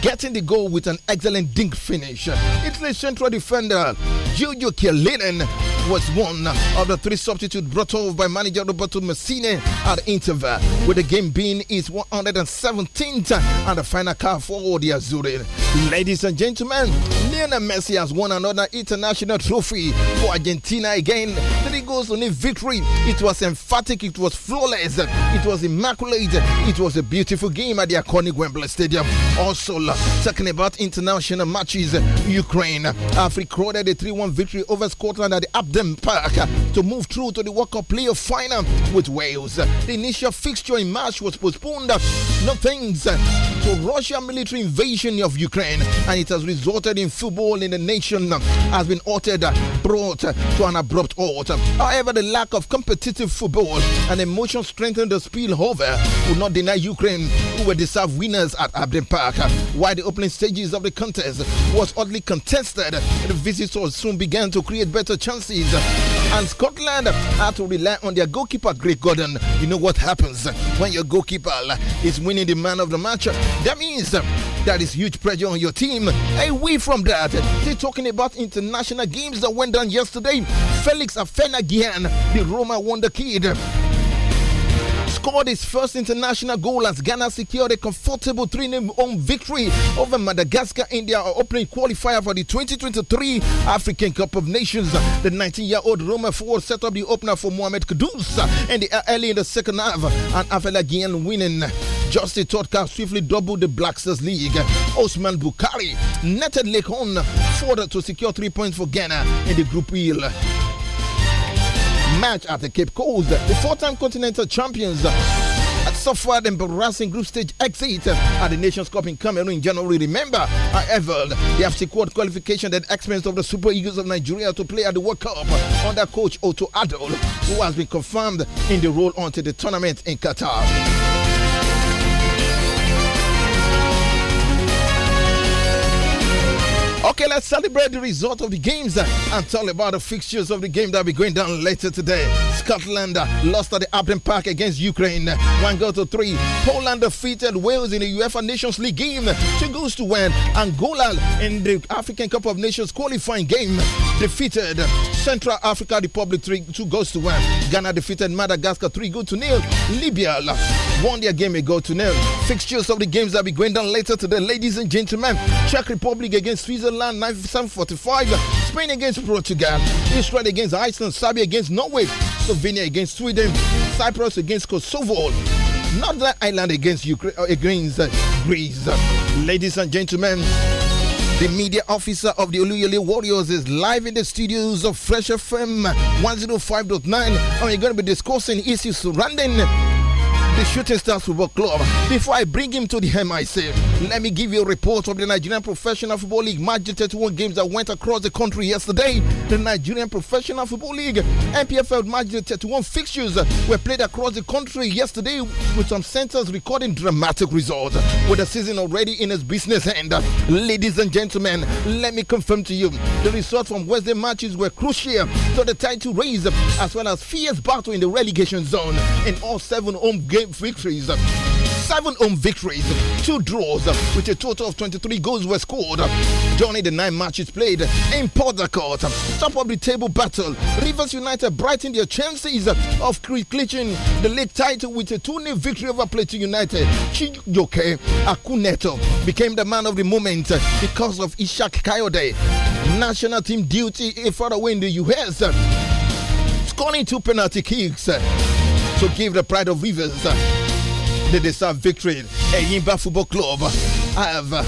getting the goal with an excellent dink finish. Italy's central defender Giorgio Chiellinen was one of the three substitutes brought off by manager Roberto Messina at interval, with the game being his 117th and the final car for the Azzurri. Ladies and gentlemen, Lionel Messi has won another international trophy for Argentina again. Three goals on a victory. It was emphatic, it was flawless, it was immaculate, it was a beautiful game at the iconic Wembley Stadium. Also, Talking about international matches, Ukraine have recorded a 3 1 victory over Scotland at the Abden Park to move through to the World Cup playoff final with Wales. The initial fixture in March was postponed, no thanks to Russian military invasion of Ukraine, and it has resulted in football in the nation has been altered, brought to an abrupt halt. However, the lack of competitive football and emotion strengthened the spillover would not deny Ukraine, who were deserved winners at Abden Park. While the opening stages of the contest was oddly contested, the visitors soon began to create better chances. And Scotland had to rely on their goalkeeper, Greg Gordon. You know what happens when your goalkeeper is winning the man of the match? That means that is huge pressure on your team. Away from that, they're talking about international games that went down yesterday. Felix Gian, the Roma wonder kid, scored his first international goal as Ghana secured a comfortable 3 0 home victory over Madagascar, India, opening qualifier for the 2023 African Cup of Nations. The 19 year old Roma forward set up the opener for Mohamed Kudus and early in the second half, and Afela Gien winning. Justin Totka swiftly doubled the Black Stars League. Osman Bukari netted Lekon forward to secure three points for Ghana in the group wheel match at the Cape Coast. The four-time continental champions suffered embarrassing group stage exit at the Nations Cup in Cameroon in January. Remember, however, they have secured qualification at the expense of the Super Eagles of Nigeria to play at the World Cup under coach Otto Adol, who has been confirmed in the role until the tournament in Qatar. Okay, let's celebrate the result of the games and talk about the fixtures of the game that will be going down later today. Scotland lost at the Upton Park against Ukraine, one goal to three. Poland defeated Wales in the UEFA Nations League game, two goals to one. Angola in the African Cup of Nations qualifying game defeated Central Africa Republic three two goals to one. Ghana defeated Madagascar three goals to nil. Libya won their game a goal to nil. Fixtures of the games that will be going down later today, ladies and gentlemen. Czech Republic against Switzerland. Ireland 97-45, Spain against Portugal, Israel against Iceland, Serbia against Norway, Slovenia against Sweden, Cyprus against Kosovo, Northern Ireland against Ukraine uh, against uh, Greece. Ladies and gentlemen, the media officer of the Oluyole Warriors is live in the studios of Fresh FM 105.9 and we're going to be discussing issues surrounding the Shooting Stars Football Club. Before I bring him to the MIC, let me give you a report of the Nigerian Professional Football League match 31 games that went across the country yesterday. The Nigerian Professional Football League NPFL match 31 fixtures were played across the country yesterday with some centers recording dramatic results. With the season already in its business end, ladies and gentlemen, let me confirm to you the results from Wednesday matches were crucial to the title race as well as fierce battle in the relegation zone in all seven home games victories, seven home victories, two draws, with a total of 23 goals were scored during the nine matches played in Port Court. Top of the table battle, Rivers United brightened their chances of clinching the league title with a 2 0 victory over Plateau United. Chijoke Akuneto became the man of the moment because of Ishak Kayode. National team duty far away in the US scoring two penalty kicks to give the pride of rivers uh, the deserve victory. Eyimba Football Club have uh,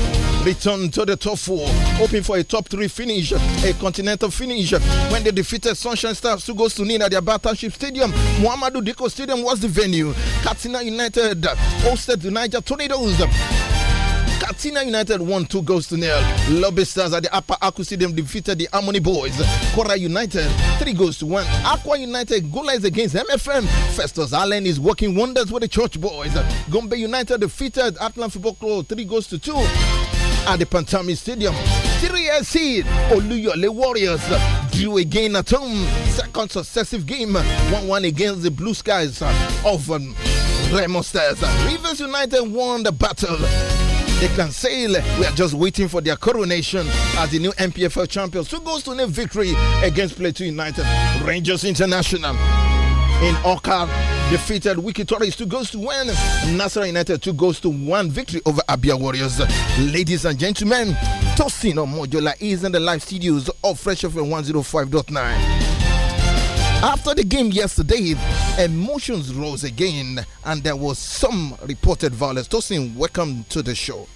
returned to the top four, hoping for a top three finish, a continental finish. When they defeated Sunshine Stars Who goes to Nina their Battleship Stadium, Muhammadu Diko Stadium was the venue. Katsina United hosted the Niger Tornadoes. Katina United won two goals to nil. Lobby Stars at the Upper Aku Stadium defeated the Harmony Boys. Kora United three goals to one. Aqua United goalless against MFM. Festus Allen is working wonders with the Church Boys. Gombe United defeated Atlan Football Club three goals to two at the Pantami Stadium. 3 seed Oluyole Warriors drew again at home. Second successive game, 1 1 against the Blue Skies of um, Remo Stars. Rivers United won the battle. They can sail. We are just waiting for their coronation as the new MPFL champions. Two goals to a victory against Plateau United. Rangers International in Oka defeated Wiki Torres two goals to win Nasra United two goals to one victory over Abia Warriors. Ladies and gentlemen, Tosin Omojola is in the live studios of Fresh FM 105.9. After the game yesterday, emotions rose again and there was some reported violence. Tosin, welcome to the show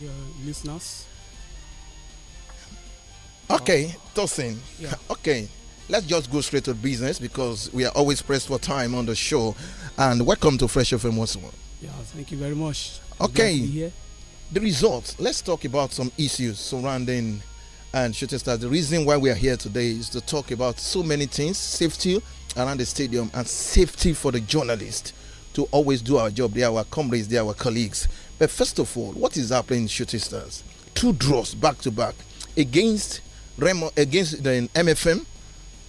your listeners? Okay, uh, Tosin. Yeah. (laughs) Okay, let's just go straight to business because we are always pressed for time on the show. And welcome to Fresh FM once more. Yeah, thank you very much. Okay, the results. Let's talk about some issues surrounding and shooting stars. The reason why we are here today is to talk about so many things safety around the stadium and safety for the journalists to always do our job. They are our comrades, they are our colleagues. But first of all, what is happening in Shooting Stars? Two draws back to back against Remo, against the MFM,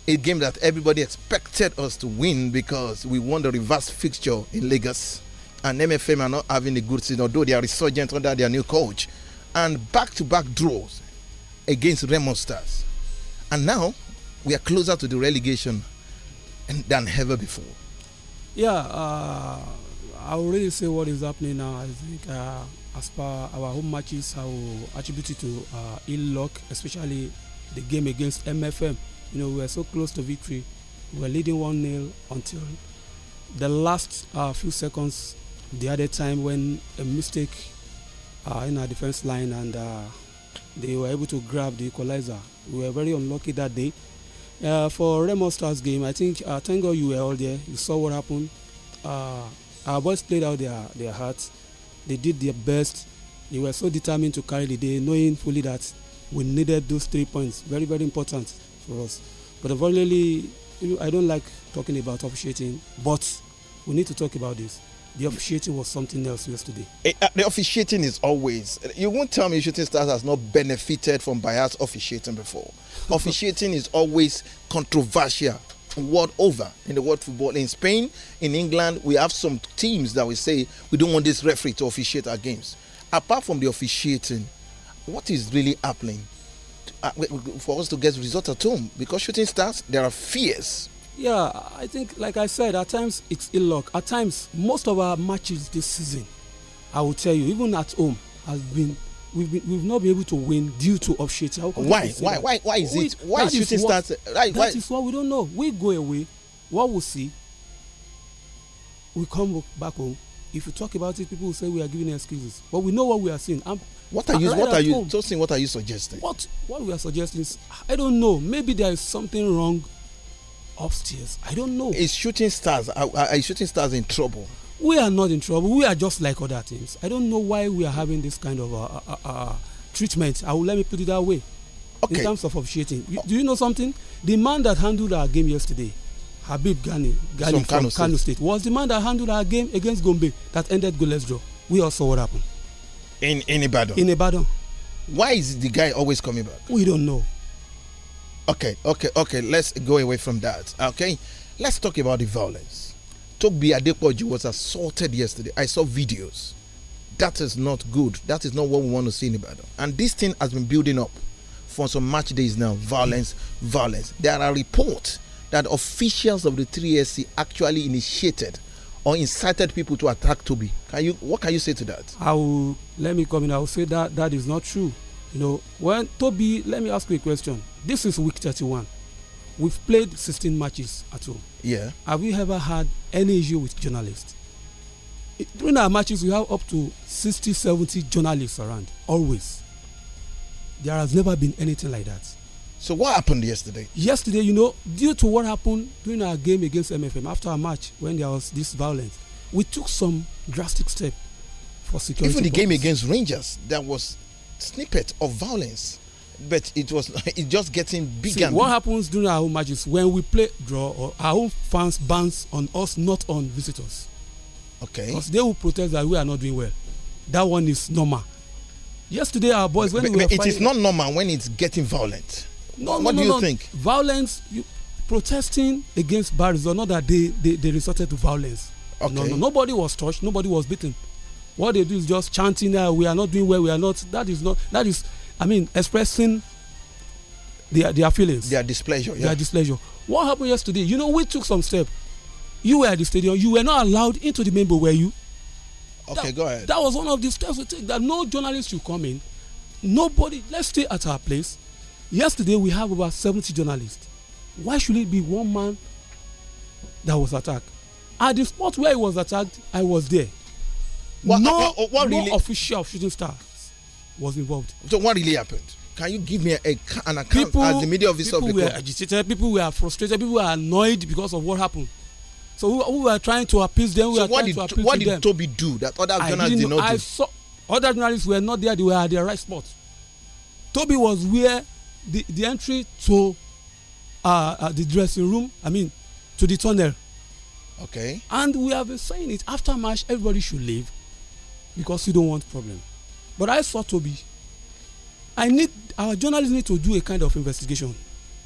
a game that everybody expected us to win because we won the reverse fixture in Lagos. And MFM are not having a good season, although they are resurgent under their new coach. And back to back draws against Remo Stars. And now we are closer to the relegation than ever before. Yeah, uh, I will really say what is happening now. I think uh, as per our home matches, I will attribute it to uh, ill luck, especially the game against MFM. You know, we were so close to victory. We were leading one nil until the last uh, few seconds, the other time when a mistake uh, in our defense line and uh, they were able to grab the equalizer. We were very unlucky that day. Uh, for Remo Stars game, I think, uh, thank God you were all there. You saw what happened. Uh, Our boys played out their, their hearts. They did their best. They were so determined to carry the day, knowing fully that we needed those three points. Very, very important for us. But unfortunately, I don't like talking about officiating, but we need to talk about this. The officiating was something else yesterday. Eh, uh, the officiating is always. You won't tell me shooting stars has not benefited from biased officiating before. (laughs) officiating is always controversial. world over in the world football. In Spain, in England, we have some teams that we say we don't want this referee to officiate our games. Apart from the officiating, what is really happening uh, for us to get results at home? Because shooting stars, there are fears. Yeah, I think, like I said, at times it's ill luck. At times, most of our matches this season, I will tell you, even at home, has been we've been, we've not been able to win due to of shit. Why? Why? Why? Why is we, it? Why is shooting stars? that is what we don't know. We go away. What we see, we come back home. If you talk about it, people will say we are giving excuses, but we know what we are seeing. I'm, what are you? Right what are you? Home. what are you suggesting? What? What we are suggesting? Is, I don't know. Maybe there is something wrong upstairs. I don't know. Is shooting stars? Are, are shooting stars in trouble? we are not in trouble we are just like other things i don't know why we are having this kind of uh, uh, uh, uh treatment i will let me put it that way okay. in terms of officiating oh. do you know something the man that handled our game yesterday habib gani gani from, from kano, state. state was the man that handled our game against gombe that ended goalless draw we all saw what happened. in in ibadan. in ibadan. why is the guy always coming back. we don't know. okay okay okay let's go away from that okay let's talk about the violence Toby Adepoji was assaulted yesterday. I saw videos. That is not good. That is not what we want to see in Ibadan. And this thing has been building up for some match days now. Violence, violence. There are reports that officials of the 3SC actually initiated or incited people to attack Toby. Can you what can you say to that? I will let me come in. I will say that that is not true. You know, when Toby, let me ask you a question. This is week 31. We've played 16 matches at home. Yeah. Have you ever had any issue with journalists? During our matches, we have up to 60, 70 journalists around, always. There has never been anything like that. So, what happened yesterday? Yesterday, you know, due to what happened during our game against MFM, after our match, when there was this violence, we took some drastic step for security. Even the game against Rangers, there was snippet of violence. but it was (laughs) it just getting bigger. See, what happens during our home matches when we play draw or our own fans bounce on us, not on visitors. Okay. Because they will protest that we are not doing well. That one is normal. Yesterday, our boys when but, we but it fighting, is not normal when it's getting violent. No, no what no, do no, you think? Violence, you, protesting against bad or Not that they, they they resorted to violence. Okay. No, no, nobody was touched. Nobody was beaten what they do is just chanting that uh, we are not doing well we are not that is not that is I mean, expressing their their feelings. Their displeasure. Yeah. Their displeasure. What happened yesterday? You know, we took some step. You were at the stadium. You were not allowed into the member, were you? Okay, that, go ahead. That was one of the steps we take. That no journalist should come in. Nobody. Let's stay at our place. Yesterday we have about seventy journalists. Why should it be one man that was attacked? At the spot where he was attacked, I was there. What, no, what, what, what no official shooting star was involved. So what really happened? Can you give me a, a, an account people, as the media officer of the club? People were agitated. People were frustrated. People were annoyed because of what happened. So we, we were trying to appease them. We so were what trying did, to appease what did them. Toby do that other journalists did not I do? Saw, other journalists were not there. They were at their right spot. Toby was where the, the entry to uh, uh, the dressing room, I mean, to the tunnel. Okay. And we have been saying it after match, everybody should leave because you don't want problems but I saw Toby I need our journalists need to do a kind of investigation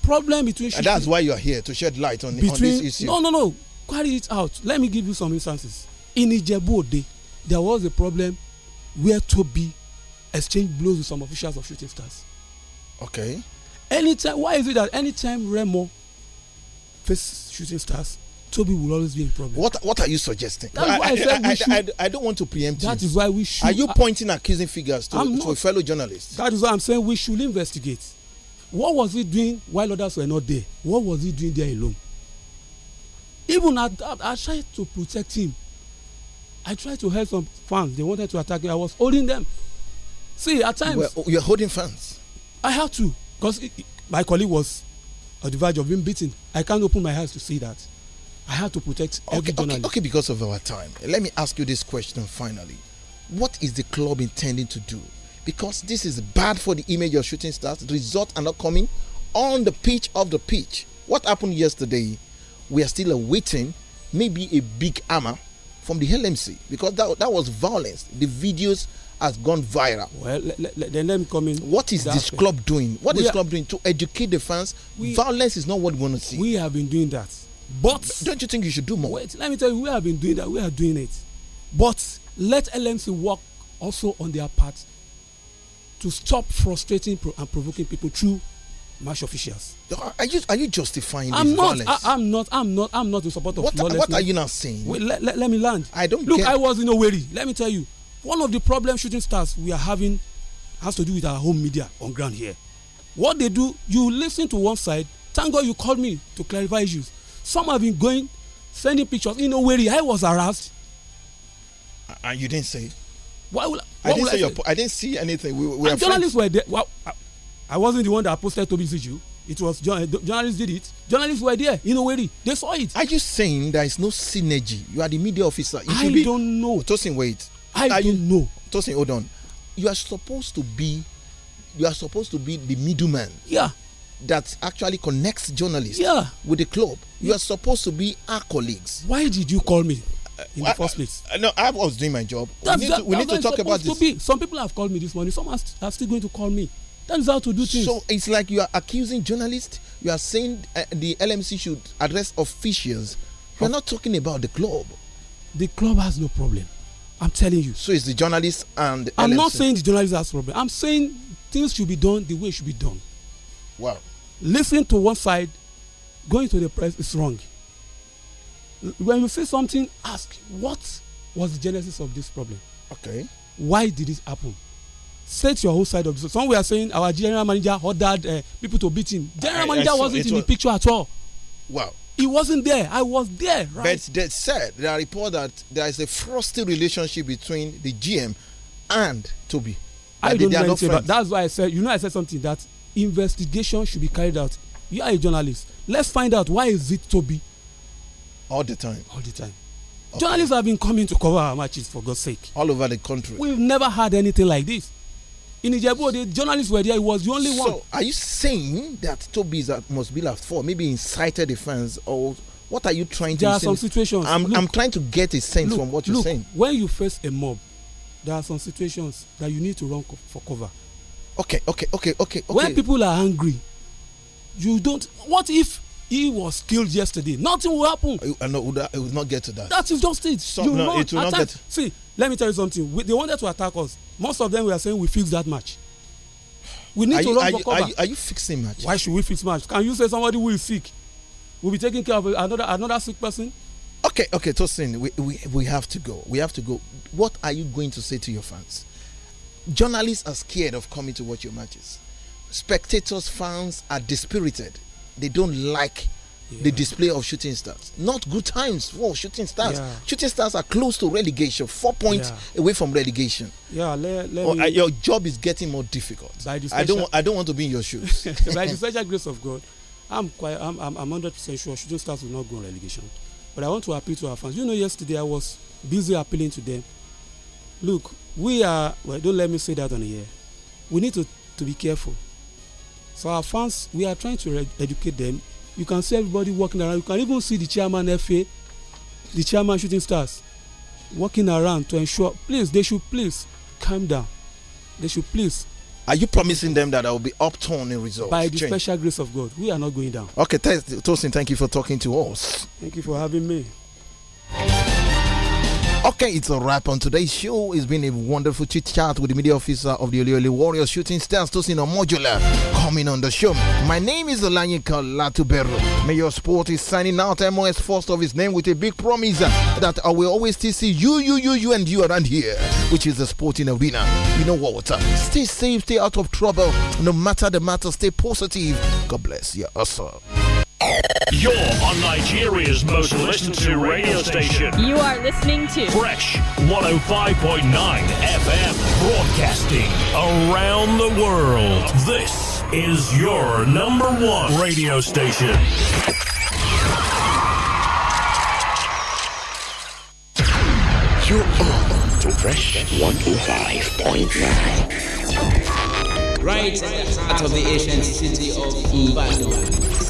problem between. and that's why you are here to shed light on, between, on this issue. no no no carry it out let me give you some instances in Ijebu Ode there was a problem where Toby exchanged blows with some officials of shooting stars. okay. anytime why is it that anytime Remo face shooting stars Toby will always be in problem. What What are you suggesting? That's I, why I, said I, we should, I, I, don't want to preempt. That you. is why we should. Are you pointing accusing figures to, to a fellow journalist? That is why I'm saying we should investigate. What was he doing while others were not there? What was he doing there alone? Even at that, I tried to protect him. I tried to help some fans. They wanted to attack me. I was holding them. See, at times. Well, oh, you're holding fans. I had to, because my colleague was on the verge of being beaten. I can't open my eyes to see that I had to protect okay, every journalist. Okay, okay, because of our time, let me ask you this question finally. What is the club intending to do? Because this is bad for the image of shooting stars. The results are not coming on the pitch of the pitch. What happened yesterday? We are still awaiting maybe a big hammer from the LMC because that, that was violence. The videos has gone viral. Well, le, le, then let me come in. What is this club doing? What we is club doing to educate the fans? We, violence is not what we want to see. We have been doing that But don't you think you should do more? Wait, let me tell you, we have been doing that. We are doing it. But let LMC work also on their part to stop frustrating and provoking people through march officials. Are you are you justifying I'm this not, violence? I, am not. I'm not. I'm not in support of what, lawlessness. What are you now saying? Wait, let, let, let, me land. I don't look. Care. I was in a worry. Let me tell you, one of the problem shooting stars we are having has to do with our home media on ground here. What they do, you listen to one side. Thank God you called me to clarify issues some have been going sending pictures in Owerri I was harassed. and you didn't say. why would I, I didn't I say, I didn't see anything we, we and journalists friends. were there well, I, I, wasn't the one that posted Toby's issue it was journalists did it journalists were there in Owerri they saw it. are you saying there is no synergy you are the media officer. You I be, don't know. Tosin wait. I are don't you, know. Tosin hold on you are supposed to be you are supposed to be the middleman. yeah that actually connects journalists yeah. with the club. You yeah. are supposed to be our colleagues. Why did you call me? Uh, in the first place. I, no, I was doing my job. That's we need to, we need to talk about this. To Some people have called me this morning. Some are, st are, still going to call me. That is how to do things. So it's like you are accusing journalists. You are saying uh, the LMC should address officials. You are not talking about the club. The club has no problem. I'm telling you. So it's the journalists and. The I'm LMC. not saying the journalists has problem. I'm saying things should be done the way it should be done. Wow. listening to one side going to the press is wrong when you see something ask what was the genesis of this problem okay why did this happen set your whole side of the story some were saying our general manager ordered uh, people to beat him general I, manager I wasn't in was, the picture at all wow he wasn't there i was there right but they said there are reports that there is a frosty relationship between the gm and toby i don't know anything about that's why i said you know i said something that investigation should be carried out you are a journalist let's find out why is it to be. all the time. all the time. Okay. journalists have been coming to cover our matches for God's sake. all over the country. we've never had anything like this in Ijebu the journalists were there he was the only so, one. so are you saying that Toby is must be left for maybe incited the fans or what are you trying to. there are some situations. I'm, look, I'm trying to get a sense look, from what you're look, saying. when you face a mob there are some situations that you need to run co for cover okay, okay, okay, okay. When people are angry, you don't. What if he was killed yesterday? Nothing will happen. Uh, no, it will not get to that. That is just it. So, you no, it will attack. not get. See, let me tell you something. We, they wanted to attack us. Most of them were saying we fix that match. We need are to you, run for cover. Are you, are you fixing match? Why should we fix match? Can you say somebody who is sick will be taking care of another another sick person? Okay, okay, Tosin, we, we we have to go. We have to go. What are you going to say to your fans? Journalists are scared of coming to watch your matches. Spectators, fans are dispirited. They don't like yeah. the display of shooting stars. Not good times for shooting stars. Yeah. Shooting stars are close to relegation, four points yeah. away from relegation. Yeah, let, let oh, or, me, uh, your job is getting more difficult. Special, I don't. I don't want to be in your shoes. (laughs) by the (laughs) special grace of God, I'm quite. I'm. I'm hundred percent sure shooting stars will not go on relegation. But I want to appeal to our fans. You know, yesterday I was busy appealing to them. Look, we are well don't let me say that on here we need to to be careful so our fans we are trying to educate them you can see everybody walking around you can even see the chairman fa the chairman shooting stars walking around to ensure please they should please calm down they should please. are you promising them that i will be upturned in results. by the Change. special grace of god we are not going down. okay thanks tosin thank you for talking to us. thank you for having me. Okay, it's a wrap on today's show. It's been a wonderful chit chat with the media officer of the Olioli Warriors shooting stars, Tosin Modular, coming on the show. My name is Kalatubero. Latuberu. your Sport is signing out MOS first of his name with a big promise that I will always still see you, you, you, you, and you around here, which is the sporting arena. You know what? Stay safe, stay out of trouble. No matter the matter, stay positive. God bless you, also. You're on Nigeria's most listened to radio station. You are listening to Fresh 105.9 FM, broadcasting around the world. This is your number one radio station. You're on to Fresh 105.9. Right out of the ancient city of Ibadan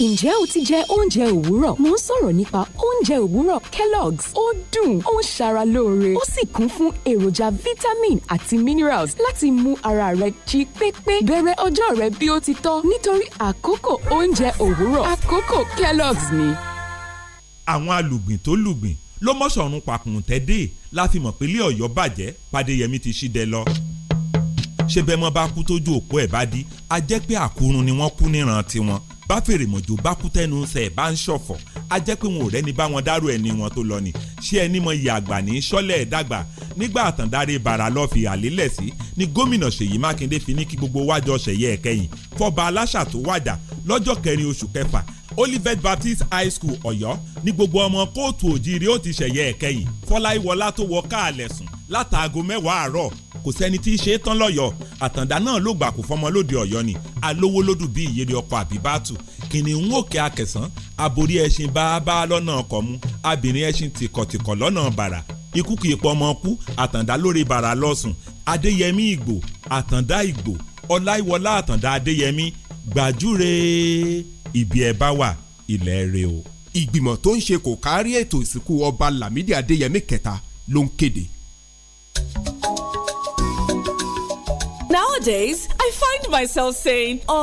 Ǹjẹ́ o ti jẹ oúnjẹ òwúrọ̀? Mo ń sọ̀rọ̀ nípa oúnjẹ òwúrọ̀ Kellogg's. Ó dùn, ó ń ṣara lóore, ó sì kún fún èròjà vitamin àti minerals láti mú ara rẹ jí pépé. Bẹ̀rẹ̀ ọjọ́ rẹ bí ó ti tọ́ nítorí àkókò oúnjẹ òwúrọ̀. Àkókò Kellogg's ni. Àwọn alùgbìn tó lùgbìn ló mọ́sọ̀rùn pàkùn tẹ́dé la fi mọ̀ pé ilé Ọ̀yọ́ bàjẹ́ Pàdéyẹmí ti ṣídẹ lọ. ṣé bẹ́ẹ̀ mọ́ bá kú tójú òpó ẹ̀ bá dí a jẹ́ pé àkúrun ni wọ́n kú níran tiwọn bá fèrè mọ̀jò bá kú tẹ́nu sẹ̀ bá ń ṣọ̀fọ̀ á jẹ́ pé wọn ò rẹ́ni bá wọn dárò ẹni wọn tó lọ ni ṣé ẹni mọ iye àgbà ní sọ́lẹ̀ ẹ̀dàgbà nígbà àtàndáre bàrà lọ́ọ́ fi àlélẹ̀ sí ni gómìnà Ṣèyí Mákindé fi ní kí gbogbo wájọ ṣẹ̀yẹ ẹ̀kẹyìn fọba aláṣà tó wájà lọ́jọ́ kẹrin oṣù kẹfà Olivet Baptist High School Ọ̀yọ́ ni gbogbo ọmọ kóòtù òjìrì ó ti ṣẹ̀yẹ ẹ̀kẹyìn Fọláìwọlá tó wọ káàlẹ̀ sùn látàago mẹ́wàá àárọ̀ kò sẹ́ni tí í ṣe é tán lọ́yọ̀ọ́ àtàndá náà ló gbà kó fọmọ lóde ọ̀yọ́ ni alówó lódù bí ìyèrè ọkọ̀ àbíbátù kìnìún òkè akẹ̀sán aborí ẹṣin báábá lọ́nà ọkọ̀ mu abìnrin ẹṣin tìkọ̀tìkọ̀ lọ́nà bàrà ikú kì í pọ̀ ọmọ kú àtàndá lórí bàrà lọ́sùn adéyẹmí ìgbò àtàndá ìgbò ọláìwọlá àtàndá adéyẹmí gbàjúre ibi ẹ bá wà ilẹ̀ rẹ o. ìgbìmọ̀ tó ń ṣe kò kárí ètò ìsìnkú ọba lámídì adéyẹmí kẹta ló ń kéde Nowadays, I find myself saying, "Aww,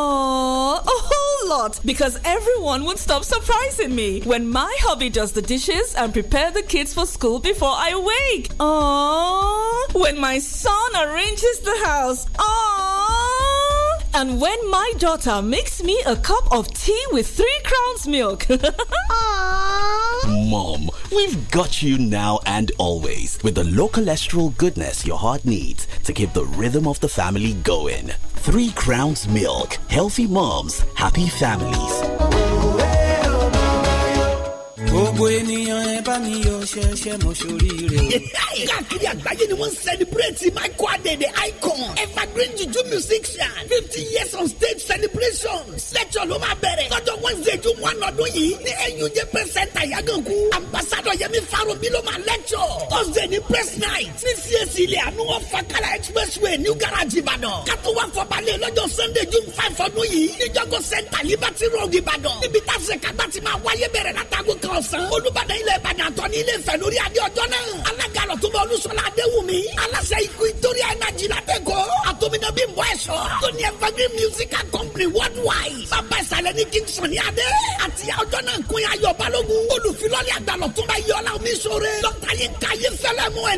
a whole lot," because everyone would stop surprising me when my hubby does the dishes and prepare the kids for school before I wake. Aww, when my son arranges the house. Aww, and when my daughter makes me a cup of tea with three crowns milk. (laughs) Aww mom, we've got you now and always with the low cholesterol goodness your heart needs to keep the rhythm of the family going. Three Crowns Milk. Healthy moms, happy families. gbogbo ènìyàn ẹ bá mi yọ̀ ṣẹ̀ṣẹ̀ mọ sóríire (laughs) káàkiri àgbáyé ni wọ́n ń sẹ́librétì Michael Adede icon evergreen juju musician fifty years on stage celebration lecture ló máa bẹ̀rẹ̀ lọ́jọ́ wednesday june one ọdún yìí ní nuj press center yaganku ambassadọ yẹmi farobi ló máa lecture thursday ní press night ní cac ilé àánú ọ̀fàkàlà expressway new garage ìbàdàn kátó wà fọbalẹ̀ lọ́jọ́ sunday june five ọdún yìí ní jọgọ center liberty road ìbàdàn níbi tá a ṣe kàgbà ti máa wáyé bẹ̀rẹ̀ látàgò kan ọ̀sán olùbàdàn ilẹ̀ ìbàdàn àtọ́ ní ilé ìfẹ́ lórí adé ọjọ́ náà alága àròtúnbọ̀ olùsọ̀lá adéwùmí aláṣẹ ikú ìtòrí ẹnàjì látẹ̀kọ́ àtòmínà bí bọ́ ẹ̀ṣọ́ tó ní evergreen musical company worldwide bàbá ìsàlẹ̀ ní kingston ní adé àti ọjọ́ náà kún ayọ̀ balógun olùfilọ́lẹ̀ àgbà àròtúnbà yọlá omiṣore dọ́kítà yín káyé fẹ́lẹ́ mú ẹ̀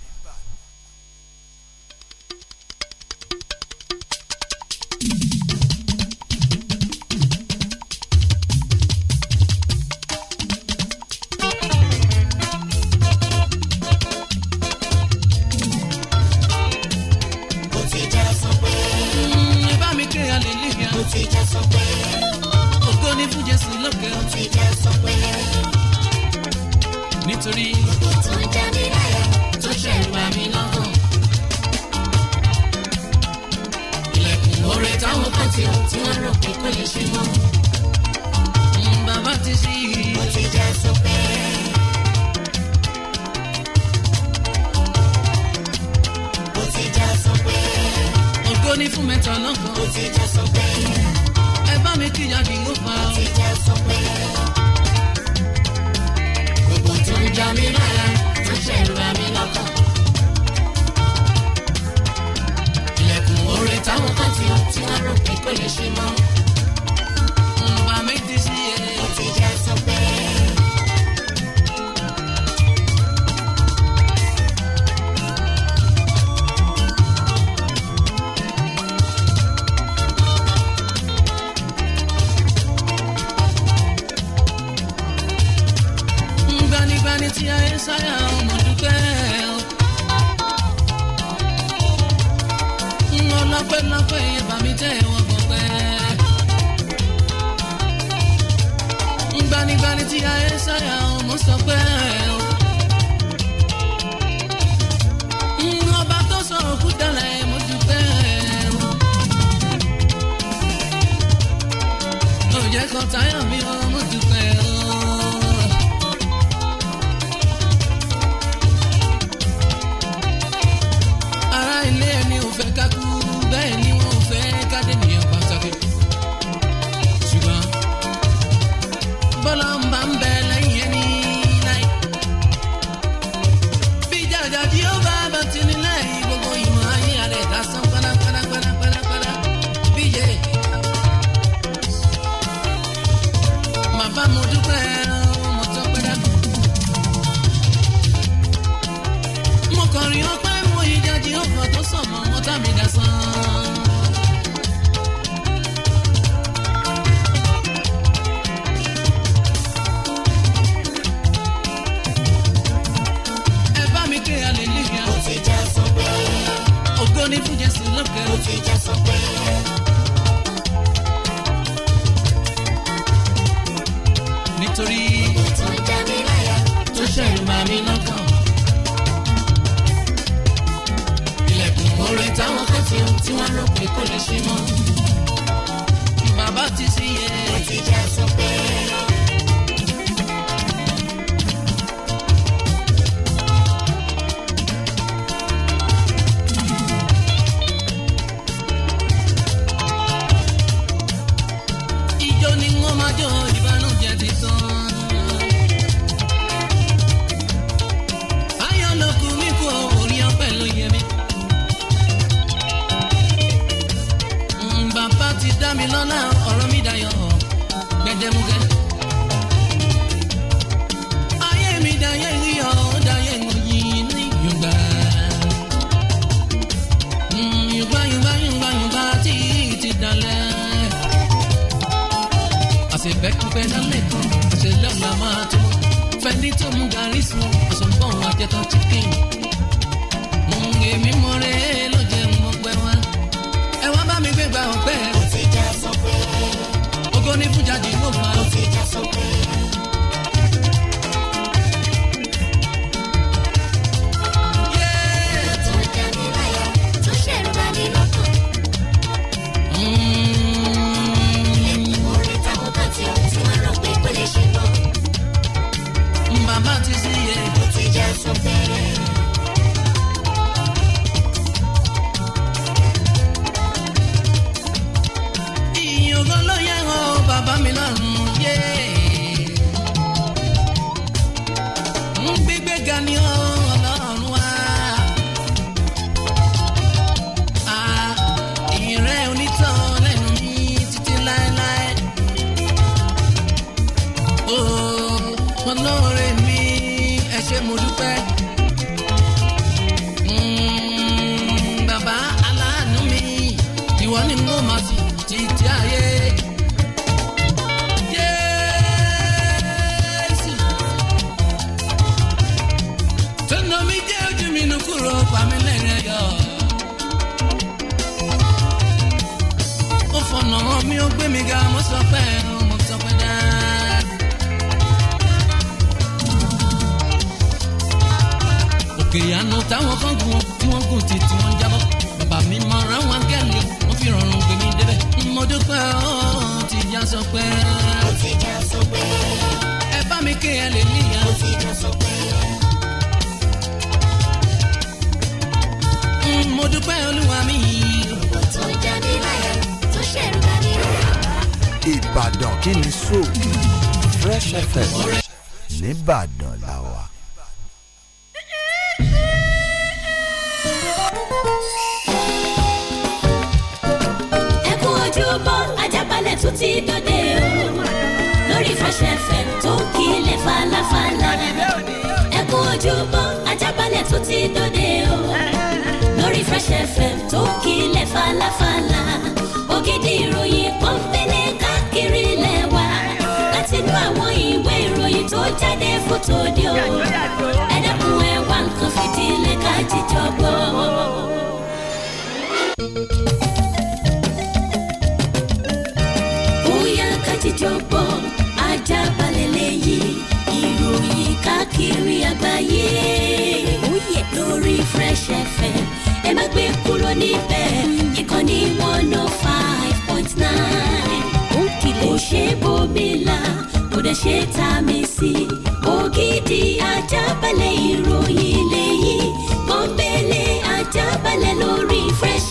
ìjà sọ pé. nítorí gbogbo tó ń jẹ́ mi láyà tó ṣe ń bà mí lọ́kàn. ilẹ̀kùn oore táwọn kan ti hàn tí wọ́n rò pé kò lè ṣe mọ́. bàbá ti ṣí mo ti já sọ pé. mo ti já sọ pé. ògo fún mẹ́ta lọ́kàn. mo ti já sọ pé bá mi kíjà kí ló fà ó. àti sọ pé gbogbo tó ń já mi lára tó ṣe ń ra mi lọ́kàn. ilẹ̀kùn oore táwọn kan ti tí wọ́n rò pé kò lè ṣe mọ́. Mustafa por Dámilọ́lá ọ̀rọ̀ mi dayọ̀ gbẹdẹmukẹ. ayé mi dayé iyọ̀ dayé ìròyìn ní yorùbá. yorùbá yorùbá yorùbá yorùbá tí ti dalẹ̀. àṣebẹ́kúfẹ́ lálẹ́ kan àṣelẹ́ ọ̀la máa tó. fẹ́ni tó mú garí sun àṣọ̀gbọ́n àjẹta chicken. mo ń gé mímọ́ rẹ̀ lọ́jẹ̀ mọ́gbẹ́ wa. ẹ wá bá mi gbégbá ọ̀pẹ́ tó ní fún jáde ló máa ń fi já sókè. Mama ti si ye. Mo ti jẹ sun mo dúpẹ́. Mm, bàbá aláàánú mi ìwọ ni mo máa sì títí ayé. Jésù tó nà mí jẹ́ ojú mi nù kúrò pàmí lẹ́rìn ẹ̀yọ́. fọ̀nà mi ó gbé mi ga mo sọ pé. sọpẹ́ ó ti já sọpẹ́. ó ti já sọpẹ́. ẹ bá mi ké aleluya. ó ti já sọpẹ́. Mm, mo dúpẹ́ olúwa mi. ìwọ tó já mi láyà tó ṣẹ̀rù ìbàdàn kí ni so fresh fm nìbàdàn. ti dòde o lórí Fresh FM tó kílẹ̀ falafala ògidì ìròyìn kan fẹlẹ̀ káàkiri lẹ́wà láti inú àwọn ìwé ìròyìn tó jáde fún tòde o ẹ dẹ́kun ẹ wá nǹkan fìdílé ká jíjọ gbọ́. bóyá ká jíjọ gbọ́ ajá balẹ̀ lẹ́yìn ìròyìn káàkiri àgbáyé lórí Fresh FM ẹ má gbé kúrò níbẹ̀ ìkànnì one oh five point nine. ó kìlẹ̀ ó ṣe bómi la kò dẹ̀ ṣe tá a mi sí. ògidì ajábalẹ̀ ìròyìn lẹ́yìn pọ́npẹ́lẹ́ ajábalẹ̀ lórí Fresh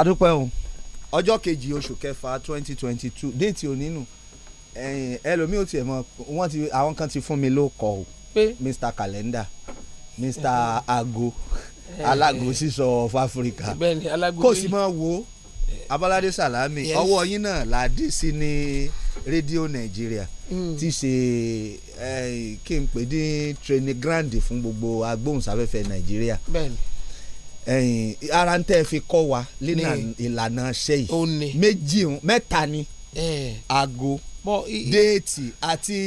adúpẹ́ o ọjọ́ kejì oṣù kẹfà twenty twenty two déètì onínú ẹlòmíì ò tiẹ̀ mọ̀ wọ́n ti àwọn kan ti fún mi ló kọ o mr calendar (laughs) mr ago alago sísọ of africa kò sì máa wo abalade salami ọwọ́ yín náà la dé sí ní rédíò nàìjíríà hmm. ti ṣe kí n pè ní training grand fún gbogbo agbóhùnsáfẹ́fẹ́ nàìjíríà ara ń tẹ́ fi kọ́ wa nínú ìlànà ṣe yìí méjì mẹ́ta ni aago déètì àti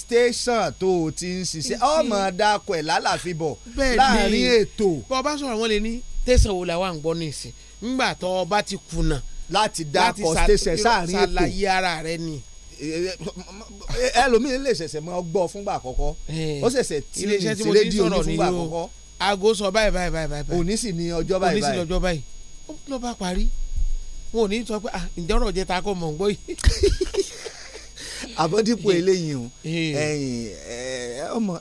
station tó o ti ń ṣiṣẹ́ ọmọ dákọ ẹ̀ lálàfíbọ̀ láàrin ètò. bọ́ ọ bá sọ̀rọ̀ wọn lè ní tẹ̀sán wo làwọn à ń gbọ́ nísìn ńgbà tó o bá ti kùnà láti dákọ̀ station sáàrin ètò láti ṣàlàyé ara rẹ ni. ẹlòmíín lè ṣẹ̀ṣẹ̀ mọ́ gbọ́ fúngbà àkọ́kọ́ ó ṣẹ̀ṣẹ̀ tí rédíò ní fúngbà àkọ́kọ́ aago sọ báyìí báyìí báyìí. òní sì ni ọjọ́ báyìí báyìí òní sì ni ọjọ́ báyìí ló bá parí wọn ò ní sọ pé ǹjẹ́ ọ̀rọ̀ jẹ́ ta kó mọ̀ ń gbọ́ yìí. (laughs) àbọ̀dípò eléyìí o ọmọ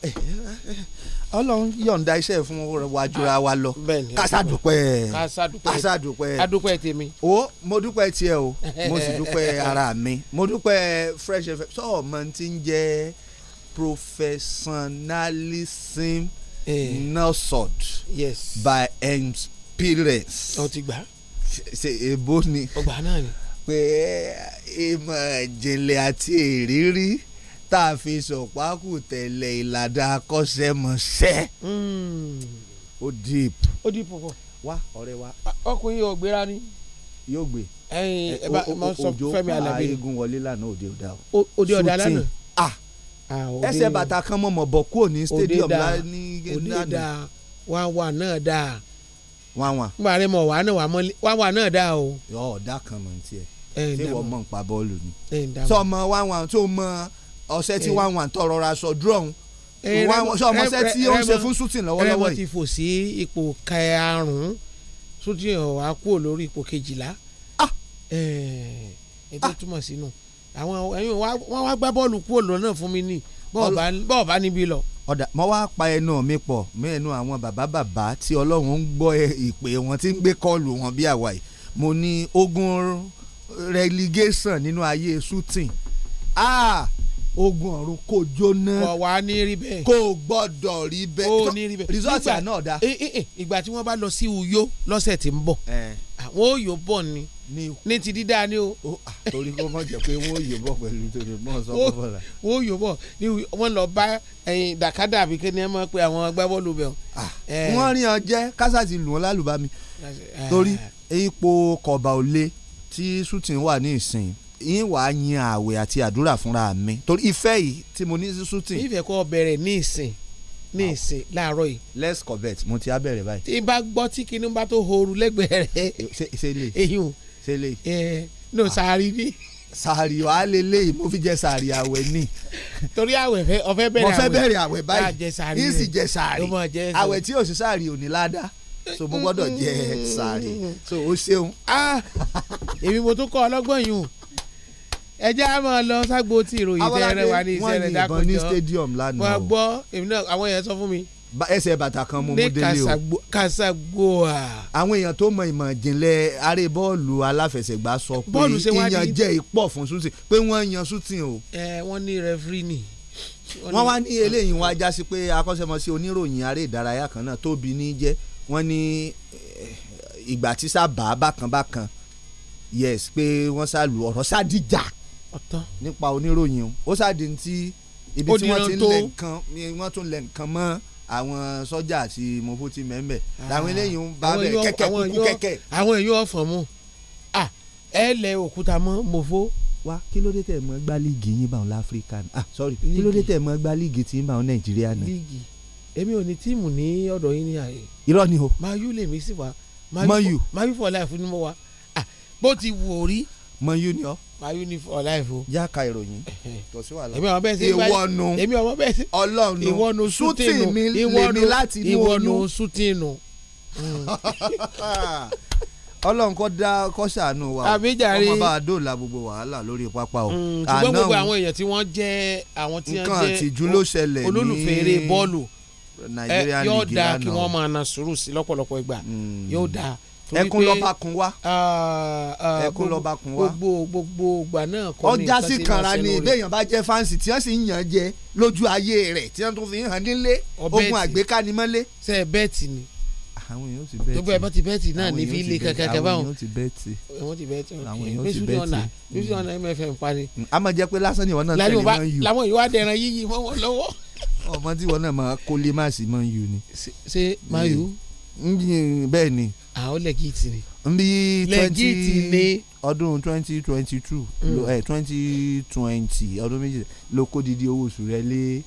ọlọ́run yọ̀ǹda iṣẹ́ fún wájúra wa lọ kásádùpẹ́ kásádùpẹ́ adúpẹ́ tèmi. o mo dúpẹ́ tiẹ̀ o mo sì (laughs) dúpẹ́ ara mi mo dúpẹ́ fresh fm sọ ọmọ tí ń jẹ́ professionalism eh. nurtured yes. by experience. ọ ti gbà. ṣe èbó ni. ọgbà náà ni. pé ìmọ̀ ìjìnlẹ̀ àti ìrírí tá a fi sọ̀pákù tẹ̀lé ìlànà akọ́ṣẹ́mọṣẹ́. Hmm. ó deep. ó deep púpọ̀. wá ọ̀rẹ́ wa. ọkùnrin yóò gbéra ni. yóò gbé. ẹyin ẹ bá mọ sọ Fẹ́mi Alábí. òjò pa eégún wọlé lánàá òde ọ̀dà. òde ọ̀dà lánàá. Ah, ẹsẹ̀ bàtà kan mọ̀ mọ̀ bọ̀ kúrò ní stadium ní gẹ́gẹ́ wá wà náà dáa wá wà. gbàrẹ́ mọ̀ wá náà wá wà náà dáa o. yọ ọ̀dà kan mọ̀ ní tiẹ̀ ṣé wọ́n mọ̀ nípa bọ́ọ̀lù ni sọmọ wá wà tó mọ ọ̀sẹ̀ tí wá wà tọrọ ra sọ drọ́ọ̀n sọmọ ọ̀sẹ̀ tí ó ń ṣe fún shooting lọ́wọ́lọ́wọ́ yìí. rẹ́mọ̀ ti fò sí ipò karùn-ún shooting ọ̀wá kúrò lórí ipò kejìlá ètò ah! túmọ̀ sínú àwọn ẹ̀yin wọ́n wá gbá bọ́ọ̀lù kúrò lọ́nà fún mi ní bọ́ọ̀ bá níbí lọ. ọ̀dà mo wá pa ẹnu mi pọ̀ mọ́ ẹnu àwọn bàbá bàbá tí ọlọ́run ń gbọ́ ìpè wọn tí ń gbé kọ́ọ̀lù wọn bí àwa yìí mo ní ogun relegation nínú ayé shooting ah ogun ọ̀run kò jóná. kò wá ní rí bẹ́ẹ̀. kò gbọ́dọ̀ rí bẹ́ẹ̀. kò ní rí bẹ́ẹ̀. result yà náà da. ìgbà tí wọ́n bá lọ sí Uyo lọ́sẹ̀ tí ń bọ̀ àwọn òyò bọ̀ ni ní ti dídá ni o. torí kó mọ̀ jẹ́ pé wọ́n òyò bọ̀ pẹ̀lú tòun mọ̀ sọ bọ́bọ̀ la. wọ́n òyò bọ̀ ni wọ́n lọ bá dàkádà àbí kí ni ẹ mọ̀ pé àwọn agbábọ́ọ̀lù bẹ̀ wọ́n. wọ́n rí ọ jẹ́ kásá ti lù wọ́n lálùbami torí ipò kọ̀bà òle tí sutin wà ní ìsìn yín wàá yin ààwẹ̀ àti àdúrà fúnra mi torí ìfẹ́ yìí tí mo ní sí sútì. ìfẹ́ kọ́ bẹ̀rẹ̀ ní ìsìn ní ìsìn láàárọ̀ yìí. let's covet mo ti á bẹ̀rẹ̀ báyìí. tí bá gbọ́ tí kinní bá tó horu lẹ́gbẹ̀ẹ́ rẹ̀. ṣe lè ṣe lè. ẹ no ah. sáré ni sàárì wà á lélẹ̀ mo fi jẹ sàárì àwẹ̀ ni. torí àwẹ̀ fẹ́ ọ̀fẹ́ bẹ̀rẹ̀ àwẹ̀ mo fẹ́ bẹ̀rẹ̀ àwẹ̀ báyìí yìí sì jẹ ní ládàá so mo gbọ́dọ̀ jẹ sàárì so o ṣeun. Ah! èmi mo tún kọ́ ọlọ́gbọ́n yìí o ẹ já mọ́ ọ lọ ságbo tí ìròyìn tẹ́ rẹ wà ní iṣẹ́ rẹ dákọjọ́ wọ́n ní stadium lánàá mo gbọ́ èmi náà àwọn èèyàn sọ fún mi. ẹsẹ̀ bàtà kan mú mu délé o ní kàṣàgbó à. àwọn èèyàn tó mọ ìmọ̀ ìjìnlẹ̀ aré bọ́ọ̀lù aláfẹsẹ̀gbá sọ pé ìyànjẹ́ ìpọ̀ fún sútì pé wọ́n yan sútì o. ẹ wọ́n ní rẹfúrí nì wọ́n wá ní eléyìí wọ́n ajá sí pé akọ́ṣẹ́mọṣẹ́ oníròyìn aré eh, yes pé wọ́n sá lu ọ̀rọ̀ sádìjà nípa oníròyìn ó ṣáàdì tí ibi tí wọ́n ti ń lẹ̀ nǹkan wọ́n tún lẹ̀ nǹkan mọ́ àwọn sọ́jà àti mọ̀fótì mẹ́mẹ́ ah. làwọn eléyìí ń bá bẹ̀ kẹ́kẹ́ kúkú kẹ́kẹ́. àwọn èèyàn ọ̀fọ̀n mu ẹ lẹ òkúta mọ́ mọ̀fó wa kí ló dé tẹ̀ mọ́ gbá líìgì yín báwọn láfíríkà náà ah sorry kí ló dé tẹ̀ mọ́ gbá líìgì tí yín báwọn nàìjíríà náà. líìgì èmi ò ní tíìmù ní ọ̀dọ̀ yín ní àyè. irọ́ ni o. mayu lèmi sì wá. mayu mayu for life ni mo wá. bó ti wò ó rí mọ union. ma uniform ọláìfo. yá ka ìròyìn tó (laughs) sí wàhálà. èmi ọmọ bẹ́ẹ̀ sí ìwọ́nu èmi ọmọ bẹ́ẹ̀ sí ọlọ́nu ìwọ́nu sútìnù ìwọ́nu láti inú oyún ìwọ́nu sútìnù. Mm. (laughs) ọlọ́run kọ́ dá kọ́ ṣàánú wa ọmọ bá a dóòlà gbogbo wàhálà lórí pápá o. Mm, ṣùgbọ́n gbogbo àwọn èèyàn tí wọ́n jẹ́ àwọn tí wọ́n jẹ́ nǹkan àtijú ló ṣẹlẹ̀ ní olólùfẹ́ eré bọ́ọ̀lù eh, yóò dáa kí wọ́n máa na sùúrù sí lọ́pọ̀lọpọ̀ ìgbà mm. yóò dáa fún wípé ẹkún lọ́ba kun wá ah, ah, ẹkún lọ́ba kun wá gbogbo gbogbo ìgbà náà kọ́ ni ọjà sí kanra ni ìbéèyàn bá jẹ́ fáǹsì tí wọ́n sì ń yàn jẹ lójú ayé rẹ̀ tí wọ́n tún fi hàn nílé ogun àgbékanimọ́lé. ṣe é bẹ́ẹ̀tì ni àwọn èèyàn ti bẹ́ẹ̀tì gbogbo ẹ̀ bá ti bẹ́ẹ̀tì náà ní fi lè kankan kan báwọn àwọn èèyàn ti bẹ́ẹ̀tì àwọn ti bẹ́ẹ̀tì àwọn èèyàn ti bẹ́ẹ̀tì bísí ọ̀nà mfm parí. a máa jẹ pé lásán ni ìwọ náà tẹ̀lé máa ń yù. làwọn ìwà dẹran yíyí mọ́ wọn lọ́wọ́. ọmọ tí ìwọ náà máa kólé máàsì máa ń yù ni. ṣé máa yù. bẹ́ẹ̀ ni àwọn lẹ́gìtì ni. nbí twenty ọdún twenty twenty two mm. eh, twenty twenty ọdún méjì ló kó didi owó oṣù rẹ lé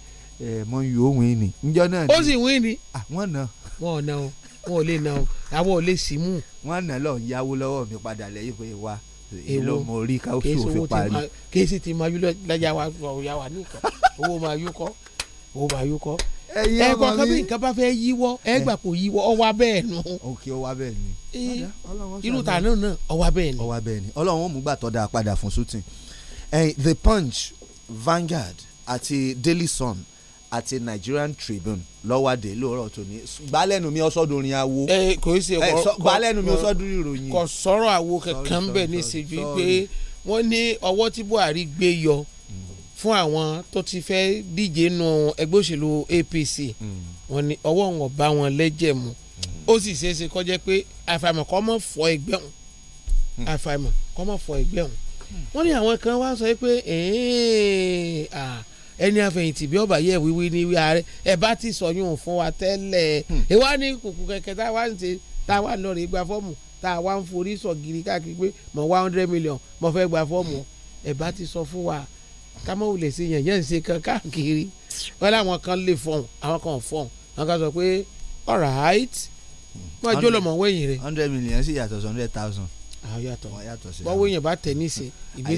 eh, mọ yìí ó ni. njọ náà ni ó sì win ni. wọ́n ná. wọ́n ná o wọn ò lè ná o àwọn ò lè sí mú. wọ́n ná lọ yáwó lọ́wọ́ mi padà lẹ́yìn pé wa èlò mo rí káwùsù òfin parí. kéésì ti máa yú lọ́jà wa ọ̀yà wa (laughs) owó máa yú kọ́ owó máa yú kọ́ ẹ̀kọ́ kan bí nǹkan bá fẹ́ yíwọ́ ẹ gbà kó yíwọ́ ọwá bẹ́ẹ̀ nù. ok ọwá bẹ́ẹ̀ ni. irú ta náà náà ọwá bẹ́ẹ̀ ni. ọwá bẹ́ẹ̀ ni ọlọ́run ó mú gbà da padà fún shooting the punch Vanguard àti Daily Sun àti Nigerian Tribune lọ́wọ́de lóòrọ̀ tòní gbalẹ́nu mi ọ̀sọ́dún orin awo ẹ kò í ṣe gbalẹ́nu mi ọ̀sọ́dún ìròyìn kò sọ̀rọ̀ awo kankan bẹ́ẹ̀ ní ìṣèjú pé wọ́n ní ọwọ́ tí Buhari gbé yọ hmm fún àwọn tó ti fẹ́ díje nu ẹgbẹ́ òṣèlú APC hmm. wọ́n ní ọwọ́ wọn bá wọn lẹ́jẹ̀ mu hmm. ó sì ṣeé ṣe kó jẹ́ pé àfàìmọ̀ kó má fọ ẹgbẹ́ wọn hmm. àfàìmọ̀ kó má fọ ẹgbẹ́ wọn wọ́n ní àwọn kan wá sọ pé ẹni àfẹ̀yìntì bí ọba yẹ wíwí ní wí ààrẹ ẹ bá ti sọyún fún wa tẹ́lẹ̀ ẹ wá ní kùkù kẹ̀kẹ́ tá a wá ń ṣe tá a wá ń lọ rè gba fọ́ọ̀mù tá a wá ń forí sọ gírí káàkiri pé mo wá hundred million mo fẹ́ gba fọ́ọ̀mù ẹ bá ti sọ fún wa kámọ́ wulẹ̀ sí yẹn yẹn ń ṣe kan káàkiri wọ́n láwọn kan lè fọ̀hún àwọn kan fọ̀hún àwọn kan sọ pé all right wọ́n jó lọ́mọ wẹ̀yìn rẹ̀. hundred million sì yàtọ̀ sí hundred thousand. àwọn yàtọ̀ wọ́n wẹ̀yìn bá tẹ̀ ní sè ibi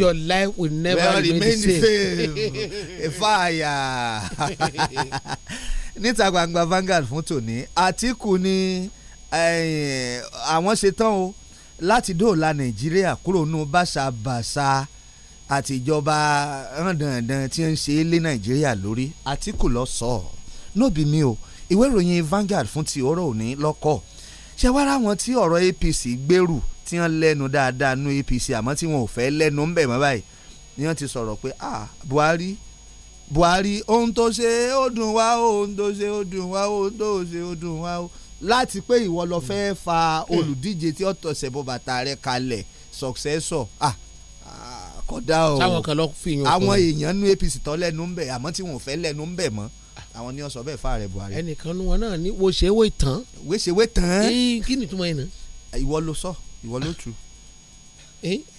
your life will never well, remain the same. ìfàyà (laughs) (laughs) níta gbangba Vanguard fún tòní Àtìkù ni eh, àwọn ṣetán o láti dóòlà Nàìjíríà kúrò nù bàṣàbàṣà. No àtijọba rándandan tí ń ṣe é lé nàìjíríà lórí àtìkù lọ sọ ọ nóbi mi o ìwé ìròyìn Vanguard fún ti ọ̀rọ̀ òní lọ́kọ̀ ṣe wá ráwọn tí ọ̀rọ̀ APC gbèrú tí wọ́n lẹ́nu dáadáa nu APC àmọ́ tí wọ́n ò fẹ́ lẹ́nu ń bẹ̀ mọ́ báyìí ni wọ́n ti sọ̀rọ̀ pé ah Buhari Buhari ohun tó ṣe ó dùn wá ohun tó ṣe ó dùn wá ohun tó ṣe ó dùn wá láti pé ìwọ lọ fẹ́ fa hmm. olùdíje tí ó tọ̀sẹ̀ bọ́ bàtà rẹ̀ kalẹ̀ successor ah kódà o táwọn kan lọ fi yàn àwọn èèyàn nú APC tán lẹ́nu ń bẹ̀ àmọ́ tí wọn ò fẹ́ lẹ́nu ń bẹ̀ mọ́ àwọn ni wọn sọ bẹ́ẹ̀ fáàrẹ̀ Buhari. ẹnìkan nu wọn náà ní wo ṣe wé tán. wé ṣe wé tán. kí ni túmọ̀ yẹn náà. ìwọ ló sọ ìwọ ló tu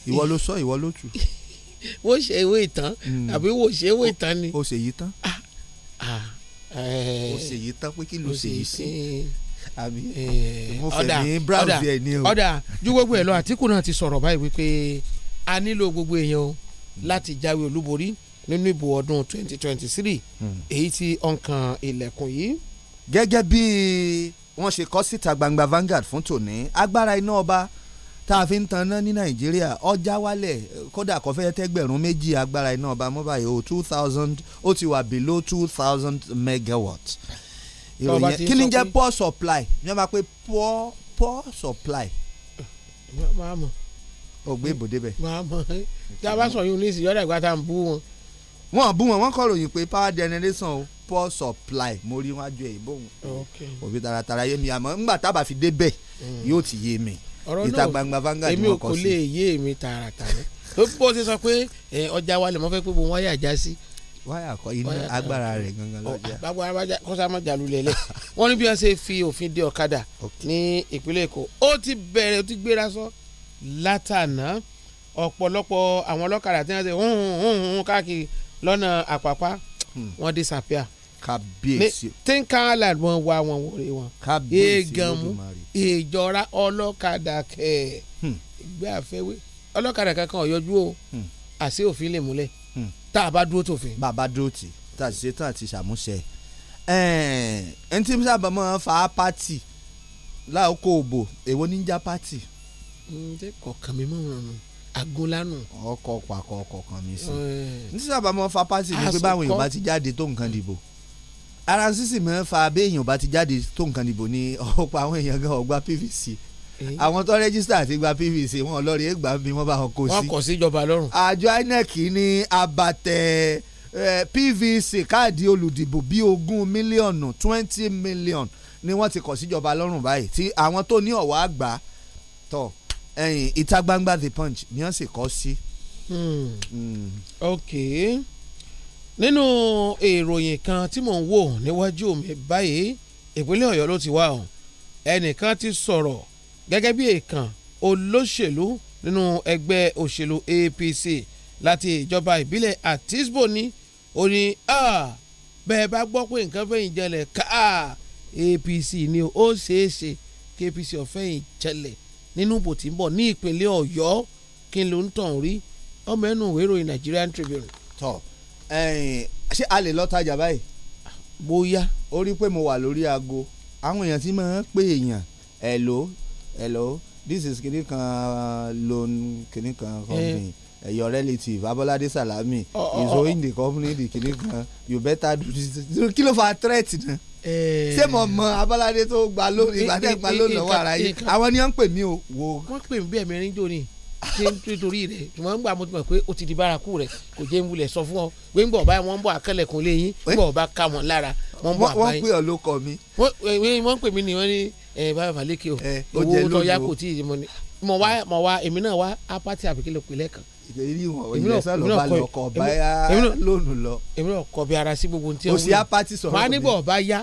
ìwọ ló sọ ìwọ ló tu. (laughs) wo ṣe wé tán hmm. àbí wo ṣe wé tán ni. o ṣe yí tán. Ah, ah, eh. o ṣe yí tán pé kí ló ṣe yí sí àbí eh, mo fẹ̀ ní brown bíi ẹ̀ o. ọ̀dà ju gbogbo ẹ̀ lọ Àtíkù náà ti sọ̀rọ̀ báyìí wípé a nílò gbogbo èèyàn o láti jáwé olúborí nínú ìbò ọdún 2023 hmm. èyí tí ọ̀nkàn ilẹ̀kùn yìí. gẹ́gẹ́ bí wọ́n ṣe kọ síta gbangba Vanguard fún tòní agbára iná ọba tá a fi ń tanná ní Nàìjíríà ọjà wálẹ̀ kódà kò fẹ́ tẹ́gbẹ̀rún méjì agbára iná ọba mọ́ báyìí o two thousand ó ti wà below two thousand megawatt ìròyìn kí ni jẹ́ poor supply ní wọ́n bá poor poor supply ó gbé ìbò màá mọ tí a bá sọ yóò ní ìsìn ìgbà tá à ń bú wọn. wọn bú wọn wọn kọròyìn pé power generation o supply mo rí wájú ẹ ìbò wọn òbí taratara yé mi àmọ́ ńgbà tábà fi débẹ̀ mm. yóò ti yé mi ìta gbangba vangard wọn kọ sí. èmi ò kò lè yé mi taratara ó bó ṣe sọ pé ọjà wa lè mọ fẹ́ pé mo wáyà já sí wáyà kọ iná agbára rẹ̀ gangan lọjà. bàbá abájá kọ́sá má jàlú lẹ́lẹ̀ wọ́n ní bí wọ́n ṣe fi òfin de ọ̀kadà (laughs) ní ìpínlẹ̀ èkó ó ti bẹ̀rẹ̀ ó ti gbéra sọ látànà ọ̀pọ̀lọpọ̀ àwọn ọlọ́kadà tí wọ́n ṣe hùn hùn hùn káàkiri lọ́nà àpápá hmm. wọ́n disappear kàbíyèsí. tínkà island wọn wá wọn wọlé wọn. kàbíyèsí lódùmarè. ìjọra ọlọ́kadà kẹ̀ hmm. ìgbé àfẹ́wé ọlọ́kadà kankan ọ̀yọ́jú o hmm. àṣé òfin lè múlẹ̀ tá a bá dúró tòfin. bàbá dúró tì tá a ṣe tán àti ṣàmúṣẹ. ẹn tí sábà máa fa pátì láòkó òbò èwo níjà pátì ǹjẹ́ kọ̀ọ̀kan mi mọ̀ ràn nù agunlanu. ọkọ ọkọ akọ ọkọ kan mi sí. Eh. ní sábà máa fa pátì ni pé báwọn èèyàn bá ti jáde tó nǹkan dìbò ara sísì máa fa abẹ́ èèyàn bá ti jáde tó nǹkan dìbò ni ọ̀pọ̀ àwọn èèyàn gan ọ̀gbà PVC eh? àwọn tó rẹ́gísítà àti gba PVC wọn lọ́ọ̀rì ègbà bí wọ́n bá wọn kó sí. wọn kò sí ìjọba lọ́rùn. àjọ INEC ní abatẹ eh, PVC káàdì olùdìbò bíi ogún mílíọ̀nù twenty million ni wọ́n ti kọ̀ síjọba lọ́rùn báyìí tí àwọn tó ní ọ̀wọ́ àgbà tọ̀ ẹ̀yìn ìta gbangba the punch ni wọ́n sì kọ́ sí. Hmm. Hmm. ok nínú ìròyìn kan tí mò ń wò níwájú mi báyìí ìpínlẹ̀ ọ̀yọ́ ló ti wá o ẹnìkan ti sọ̀rọ̀ gẹ́gẹ́ bí èèkàn olóṣèlú nínú ẹgbẹ́ òṣèlú APC láti ìjọba ìbílẹ̀ Atisbo ni ó ní bẹ́ẹ̀ bá gbọ́ pé nǹkan fẹ́yìn jẹlẹ̀ ká APC ni ó ṣeé kí APC ọ̀fẹ́yìn jẹlẹ̀ nínú ìbò tí ń bọ̀ ní ìpínlẹ̀ ọ̀yọ́ kí n ló ń tàn rí ọmọ ẹnu ìwé ìròyìn Nigerian Tribune. tọ ṣé a lè lọ tajà báyìí. bóyá. ó rí pé mo wà lórí aago àwọn èèyàn tí máa ń pè èèyàn hello hello this is kìnnì kan loan kìnnì kan eh. company eh, your relative Abolade Salami oh, oh, is owing oh, oh. the company the kìnnì kan you better do this kí ló fa threat náà Eh. ṣé mo mọ abọ́ládé tó gba lónìí eh, ìgbà tẹ́ eh, gba lónìí lọ́wọ́ ara yìí àwọn ni wọ́n ń pè mí o wò. pè mí bí ẹ̀mí rìn jòní ṣé nítorí rẹ̀ ṣùgbọ́n nígbà mo ti mọ̀ pé o ti di bárakú rẹ̀ kò jẹ́ ìwúlẹ̀ sọ fún ọ pé ńgbà ọba wọn ń bọ̀ akẹ́lẹ̀kùn lé yín ńgbà ọba ká wọn lára wọn bọ̀ àbáyé. wọ́n pè ọ ló kọ mi. wọ́n pè mí ni wọ́n ní bàbá Faleke o owó tó yá kò tí ì mọ ni mo wá mo wá èmi náà wá apáti àpèkélépè lẹ́ẹ̀kan. èmi náà kọ èmi náà kọ bí ara sí gbogbo ntí. kò sí apáti sọ̀rọ̀ mi. wọ́n á níbọ̀ ọba yá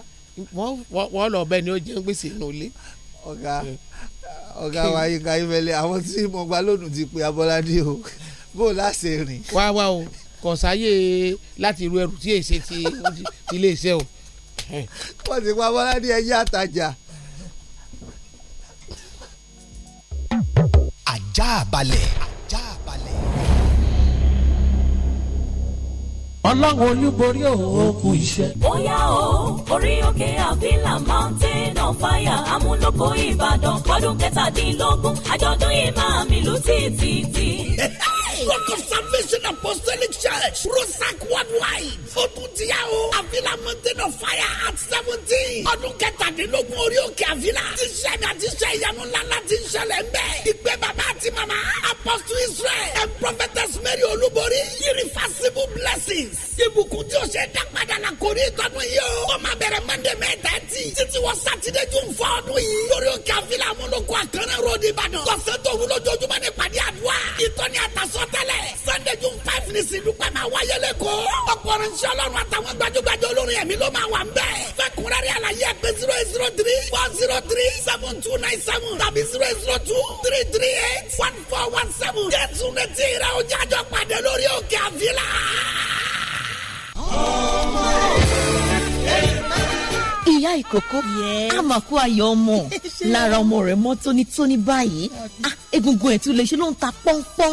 wọ́n lọ bẹ́ẹ̀ ni ó jẹ́ ń gbèsè nù lé. ọ̀gá ọ̀gá wa Yínká Ayéfẹ́lẹ́ àwọn tí mo gba lónìí ti pe Abọ́ládé o bó o láṣẹ rìn. wá wá o kò sáyé láti ru ẹrù tí èsè ti ilé iṣẹ́ o. wọ́n ti pa Abọ́ládé ẹyẹ àtàjà. ajá balẹ̀. ọlọ́run olúborí òkú iṣẹ́. bóyá o orí òkè àbílà mountain of fire amúlòkọ ìbàdàn ọdún kẹtàdínlógún àjọ̀dún yìí máa mi lù títí work of salvation apostolic church rosac worldwide ó tún ti yá o avila mountain of fire at seventeen ọdún kẹtàdínlógún orí òkè avila ti ṣe mi àti ṣe ìyanu ńláńlá ti ń ṣẹlẹ̀ ń bẹ̀ ìgbé bàbá àti màmá apostle Israel and prophetess Mary Olúborí irreversible blessings ìbùkún tí o ṣe dá padà la kò ní ìtọ́nu yìí o ó máa bẹ̀rẹ̀ mọ́ndé mẹ́ta ẹtì títí wọ sátidé june fọ́ ọdún yìí lórí òkè avila amúnukọ àkànná ròdì Ìbàdàn kọ̀sẹ̀ tó wúlò jojúmọ́ ní pàdé àdúrà ìtọ́ni àtàsọ́t tẹ́lẹ̀ sunday june five ní sinupẹ́ máa wáyé lẹ́kọ̀ọ́ ọ̀pọ̀ ọ̀rẹ́nsẹ́ ọlọ́run àtàwọn gbajúgbajù olórin ẹ̀mí ló máa wà ń bẹ̀. fẹ́kúnrẹ́rẹ́ àlàyé pé zero eight zero three four zero three seven two nine seven tàbí zero eight zero two three three eight one four one seven jésù ní tí rẹ̀ ó jájọ́ pàdé lórí òkè àfilà. ìyá ìkókó àmàkù ayọ̀ ọmọ (laughs) lára ọmọ rẹ̀ mọ́ tónítóní báyìí ah, egungun ẹ̀ lè ṣe ló ń ta pọ́npọ́n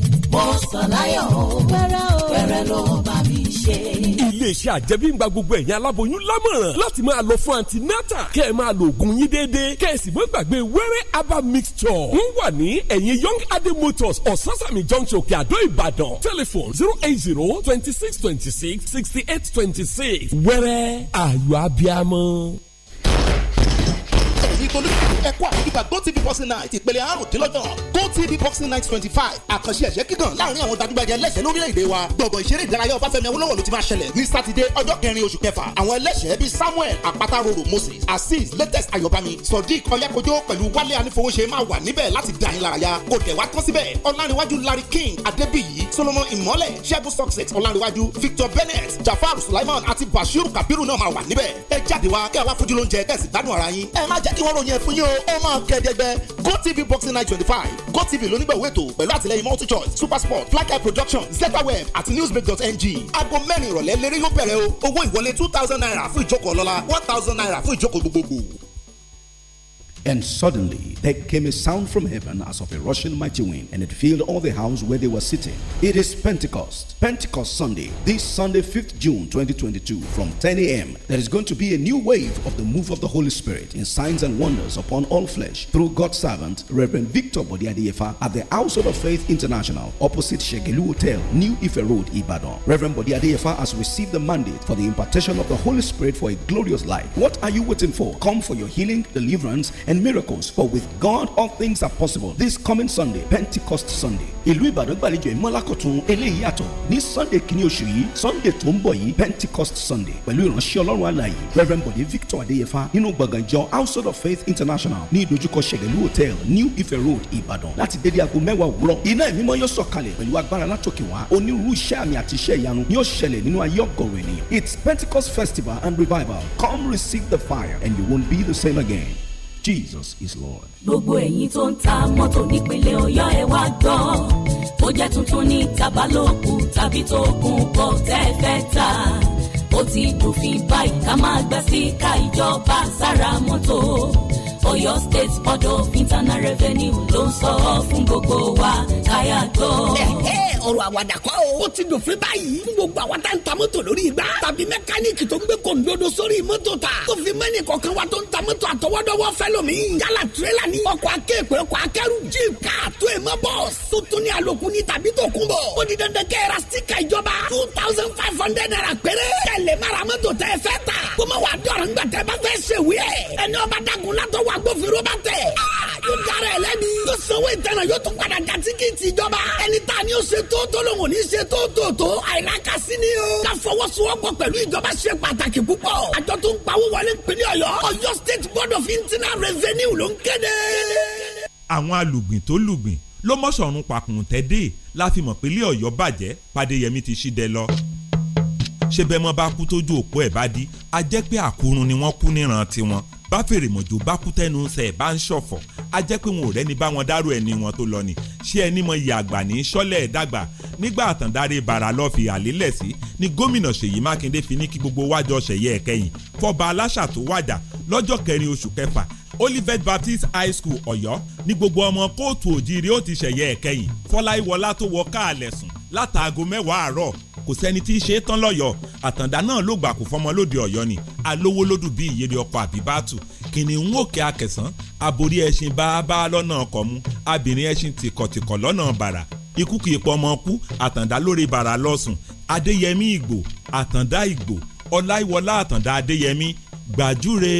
mo sọ̀láyọ̀ o pẹ̀rẹ̀ o pẹ̀rẹ̀ ló iléeṣẹ́ àjẹmíngba gbogbo ẹ̀yin aláboyún lámọ̀ràn láti máa lọ fún antinata kẹ́ ẹ máa lo oògùn yín déédéé kẹ́ ẹ sì mọ́ gbàgbé wẹ́rẹ́ aba mixture wọ́n wà ní ẹ̀yìn young adé motors ososami junction òkè àdó ìbàdàn telephone zero eight zero twenty six twenty six sixty eight twenty six wẹ́rẹ́ ayọ̀ abiamọ ẹ̀yin tó lóṣù ẹ̀kọ́ àdúgbà gotv boxing night ìpele àrùndínlọ́gbọ̀n gotv boxing night twenty five àkànṣe ẹ̀ṣẹ́ kíkan láàrin àwọn gbajúgbajà ẹlẹ́ṣẹ̀ lórílẹ̀‐èdè wa gbọ̀ngàn ìṣeré ìdárayá ọbáfẹ́mi awólọ́wọ̀ ló ti máa ṣẹlẹ̀ ní sátidé ọjọ́ kẹrin oṣù kẹfà àwọn ẹlẹ́ṣẹ̀ bíi samuel àpátárorò moses azeez latest ayọ̀bámi sodiq ọ̀yákojó pẹ̀lú wálé anífowóṣe máa wà níbẹ̀ láti dà yín lárayá kò dẹ̀ wá tán síbẹ̀ ọ̀lànìwájú larry king adébíyí solomon ìmọ́lẹ̀ ṣẹ́gun success ọ̀lànìwájú victor bennett jafar sulaiman àti bashiru kabiru náà máa wà níbẹ̀ ẹ jáde wá kẹ́ ẹ wá fojú lóúnjẹ kẹ́ ẹ sì gbádùn ara yín ẹ má jẹ jẹ́ kí wọ́n ròyìn ẹ̀fún yín o ó máa kẹ́dẹ̀gbẹ́ gotv boxing nine twenty five gotv lónígbàwó ètò pẹ̀lú àtìlẹyìn multichoice supersport flageye production zetaweb àti newsbreak.ng aago mẹ́rin ìrọ̀lẹ́ léré yóò bẹ̀rẹ̀ o owó ìwọlé two thousand naira fún ìjókòó ọlọ́lá one thousand naira fún ìjókòó gbogbogbò. And suddenly there came a sound from heaven as of a rushing mighty wind, and it filled all the house where they were sitting. It is Pentecost, Pentecost Sunday, this Sunday, 5th June 2022, from 10 a.m. There is going to be a new wave of the move of the Holy Spirit in signs and wonders upon all flesh through God's servant, Reverend Victor Bodiadiefa, at the Household of Faith International, opposite Shegelu Hotel, New Ife Road, Ibadan. Reverend Bodiadiefa has received the mandate for the impartation of the Holy Spirit for a glorious life. What are you waiting for? Come for your healing, deliverance, and miracles, for with God all things are possible. This coming Sunday, Pentecost Sunday, ìlú Ìbàdàn gbàlejò ìmọ̀lákọ̀tún eléyìí yàtọ̀ ní Sunday kìíní oṣù yìí Sunday tó ń bọ̀ yìí Pentecost Sunday pẹ̀lú ìránṣẹ́ Ọlọ́run àlàyé Reverend Bode Victor Adeyefa nínú gbọ̀ngàn ìjọ Household of Faith International ní ìdojúkọ Ṣẹ̀gẹ̀lú Hotel New Ife Road Ìbàdàn láti dédé aago mẹ́wàá òwúrọ̀ iná ìmímọ́ yóò sọ̀kalẹ̀ pẹ̀lú agbára látòkè wá onírúurú iṣẹ́ àmì àti iṣẹ́ ìyanu yóò ṣẹlẹ̀ nínú ayé ọ̀gọ̀rọ̀ ènìyàn It's Pentecost Festival and Revival come receive the fire and you won't be the same again. Jesus is Lord. gbogbo ẹ̀yin tó ń ta mọ́tò nípínlẹ̀ ọ̀yọ́ ẹ wá gbọ́ ó jẹ́ tuntun ní tabalóku tàbí tó kún bọ́ tẹ́ ta ó ti dòfin báyìí ká máa gbà sí ká ìjọba sára mọ́tò Oyo state board of internal revenue ló ń sọ ọ́ fún gbogbo wa káyà gbọ́. ọ̀rọ̀ àwàdà kọ́ o. ó ti dòfin báyìí fún gbogbo àwa tá ń ta mọ́tò lórí igbá. tàbí mẹkáníìkì tó ń gbé kòǹdodo sórí mọ́tò ta. tó fi mẹ́nì kọ̀ọ̀kan wa tó ń ta mọ́tò àtọwọ́dọ́wọ́ fẹ́ lómi. yálà tirẹ́là ni ọkọ̀ akẹ́kọ̀ọ́ ọkọ̀ akẹ́rù jíìpù káà tó e mọ́ bọ́ọ̀s. tó tún ní àlòkù ní tàbí tó kún bọ̀. ó di dandan two thousand five hundred naira péré. tẹ̀lé mara ta. kó mọ̀ wá dọ̀rọ̀ ńgbà tẹ́ bá fẹ́ ṣèwé táwọn agbófinró bá tẹ̀. Ah, yóò dára ẹ lẹ́bi. yóò sanwó ìtẹ̀nà yóò tún padà gàtí ti ìjọba. ẹni tá a ní o ṣe tó tó lòun ò ní ṣe tó tó tó. àìlákàsí ni o. ká fọwọ́sowọ́pọ̀ pẹ̀lú ìjọba ṣe pàtàkì púpọ̀. àjọ tó ń pawó wọlé ìpínlẹ̀ ọ̀yọ́ ọ̀yọ́ state board of internal revenue ló ń kéde. àwọn alùgbìn tó lùgbìn ló mọ̀ṣọ̀run pàkùn tẹ́dé la fi ọ̀yọ́ bàjẹ́ pàdéyẹmí ti ṣí lọ ṣé bẹ́ẹ̀ mọ́ bá kú tójú òpó ẹ̀ bá di a jẹ́ pé àkúrun ni wọ́n kú níran tiwọn bá fèrèmọ̀jò bá kú tẹ́nu sẹ̀ bá ń ṣọ̀fọ̀ á jẹ́ pé wọn ò rẹ́ni bá wọn dárò ẹni wọn tó lọ ni ṣé ẹni mọ iye àgbà ní sọ́lẹ̀ dàgbà nígbà àtàndáre bàrà lọ fi àlélẹ̀ sí ni gómìnà ṣèyí mákindé fi ní kí gbogbo wájọ ṣẹ̀yẹ ẹ̀kẹyìn fọba aláṣà tó wàjà lọ́jọ́ kẹrin oṣù kẹfà Olivet Baptist High School Ọ̀yọ́ ní gbogbo ọmọ kóòtù òjìrì ó ti ṣẹ̀yẹ ẹ̀kẹyìn fọláìwọlá tó wọ káàlẹ̀ sùn látàago mẹ́wàá àárọ̀ kò sẹ́ni tí í ṣe é tán lọ́yọ̀ọ́ àtàndá náà ló gbà kó fọmọ lóde Ọ̀yọ́ ni alówólódù bíi ìyèrè ọkọ àbíbátù kìnìún òkè akẹsàn aborí ẹṣin báábá lọ́nà ọkọ̀ mu abìnrin ẹṣin tìkọ̀tìkọ̀ lọ́nà bàrà ikú kì í pọ̀ ọmọ kú àtàndá lórí bàrà lọ́sùn adéyẹmí ìgbò àtàndá ìgbò ọláìwọlá àtàndá adéyẹmí gbàjúre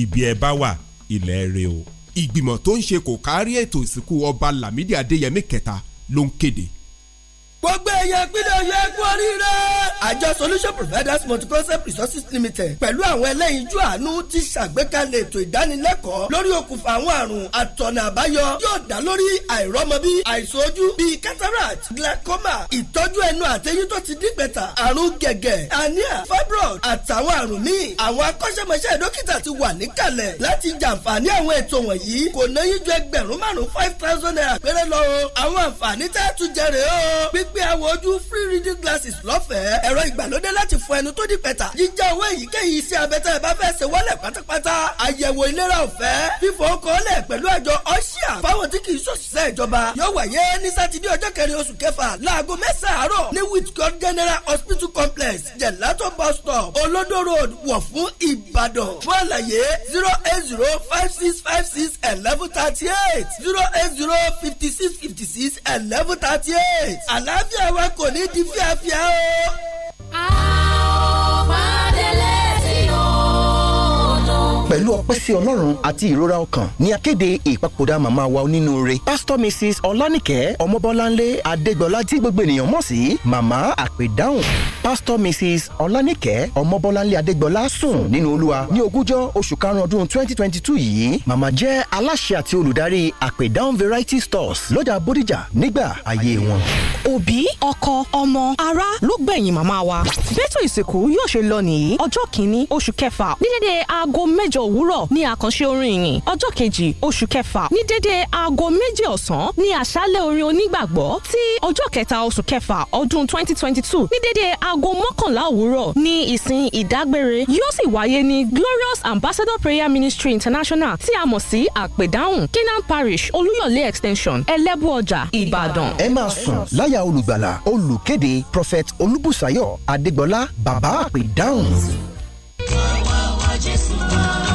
ibi ẹ bá wà ilẹ̀ rẹ o. ìgbìmọ̀ tó ń ṣe kò kárí ètò ìsìnkú ọba lámídì adéyẹmí kẹta ló ń kéde gbogbo èèyàn ìpínlẹ̀ ọ̀yọ́ ẹ̀kú oríire. àjọ solution providers multi-concept resources limited pẹ̀lú àwọn ẹlẹ́yinjú àánú ti ṣàgbékalẹ̀ ètò ìdánilẹ́kọ̀ọ́ lórí okùnfà àwọn àrùn àtọ̀nà àbáyọ yóò dá lórí àìrọ́mọbí àìsàn ojú bíi cataract glaucoma ìtọ́jú ẹnu àtẹyín tó ti dígbẹ̀ta àrùn gẹ̀gẹ̀ hernia fibroid àtàwọn àrùn míì àwọn akọ́ṣẹ́mọṣẹ́ dókítà ti wà níkàlẹ̀ láti jàǹfààní àwọn ètò wọ̀nyí kò náyí ju ẹgbẹ̀rún márùn-ún five thousand naira péré lọ o àwọn àǹfààní gbé àwọ̀ ojú free reading glasses lọ́fẹ̀ẹ́ ẹ̀rọ ìgbàlódé láti fọ ẹnu tó di pẹ̀tà jíjá owó èyíkéyìí iṣẹ́ abẹ tẹ́ ẹ bá fẹ́ ṣe wọlé pátápátá àyẹ̀wò ìlera ọ̀fẹ́ fífọ okòólẹ̀ pẹ̀lú àjọ ọ́ṣíà fáwọn tí kì í ṣòṣìṣẹ́ ìjọba yóò wáyé ní sátidé ọjọ́ kẹrin oṣù kẹfà láago mẹ́sàn-án àárọ̀ ní Whitcourt General Hospital Complex Jelato bus stop Olodo Road wọ̀ fún Ìbàdàn fún àlàyé zero eight zero five six five six eleven thirty eight zero eight zero fifty six fifty six eleven thirty eight àlá àlàáfíà wa kò ní di fíafíà o. a ò máa pẹ̀lú ọpẹ́ sí ọlọ́run àti ìrora ọkàn ni akéde ìpapòdà màmá wa onínúure pastor mrs ọlánìkẹ́ ọmọbọ́láńlé adégbọlá tí gbogbo ènìyàn mọ̀ sí màmá àpèdáhùn pastor mrs ọlánìkẹ́ ọmọbọ́láńlé adégbọlá sùn nínú olúwa ní ogúnjọ́ oṣù karùn-ún ọdún twenty twenty two yìí màmá jẹ́ aláṣẹ àti olùdarí àpèdáhùn variety stores lọ́jà bódìjà nígbà ayé wọn. òbí ọkọ ọmọ ará ló gbẹ̀yìn màmá wa bẹ́tò ìsìnkú yóò ṣe lọ nìyí ọjọ́ kìíní oṣù kẹfà ní dédé aago mẹ́jọ òwúrọ̀ ní àkànṣe orin ìyìn ọjọ́ kejì oṣù kẹfà ní dédé aago méjì ọ̀sán ní àṣálẹ̀ orin onígbàgbọ́ tí ọjọ́ kẹta oṣù kẹfà ọdún 2022 ní dédé aago mọ́kànlá òwúrọ̀ ní ìsìn ìdágbére yóò sì wáyé ní Glorious Ambassador Prayer Ministry International tí a mọ̀ sí àpèdáhùn Kenan Parish Olúyọ̀lé Extension Ẹlẹ́bù ọjà Ìbàdàn. ẹ máa sùn láyà olùgbàlà olùkéde Prophet Olúbùsáyọ̀ Adégbọlá bàbá àpèdáhùn. wá wá wá Jésù wá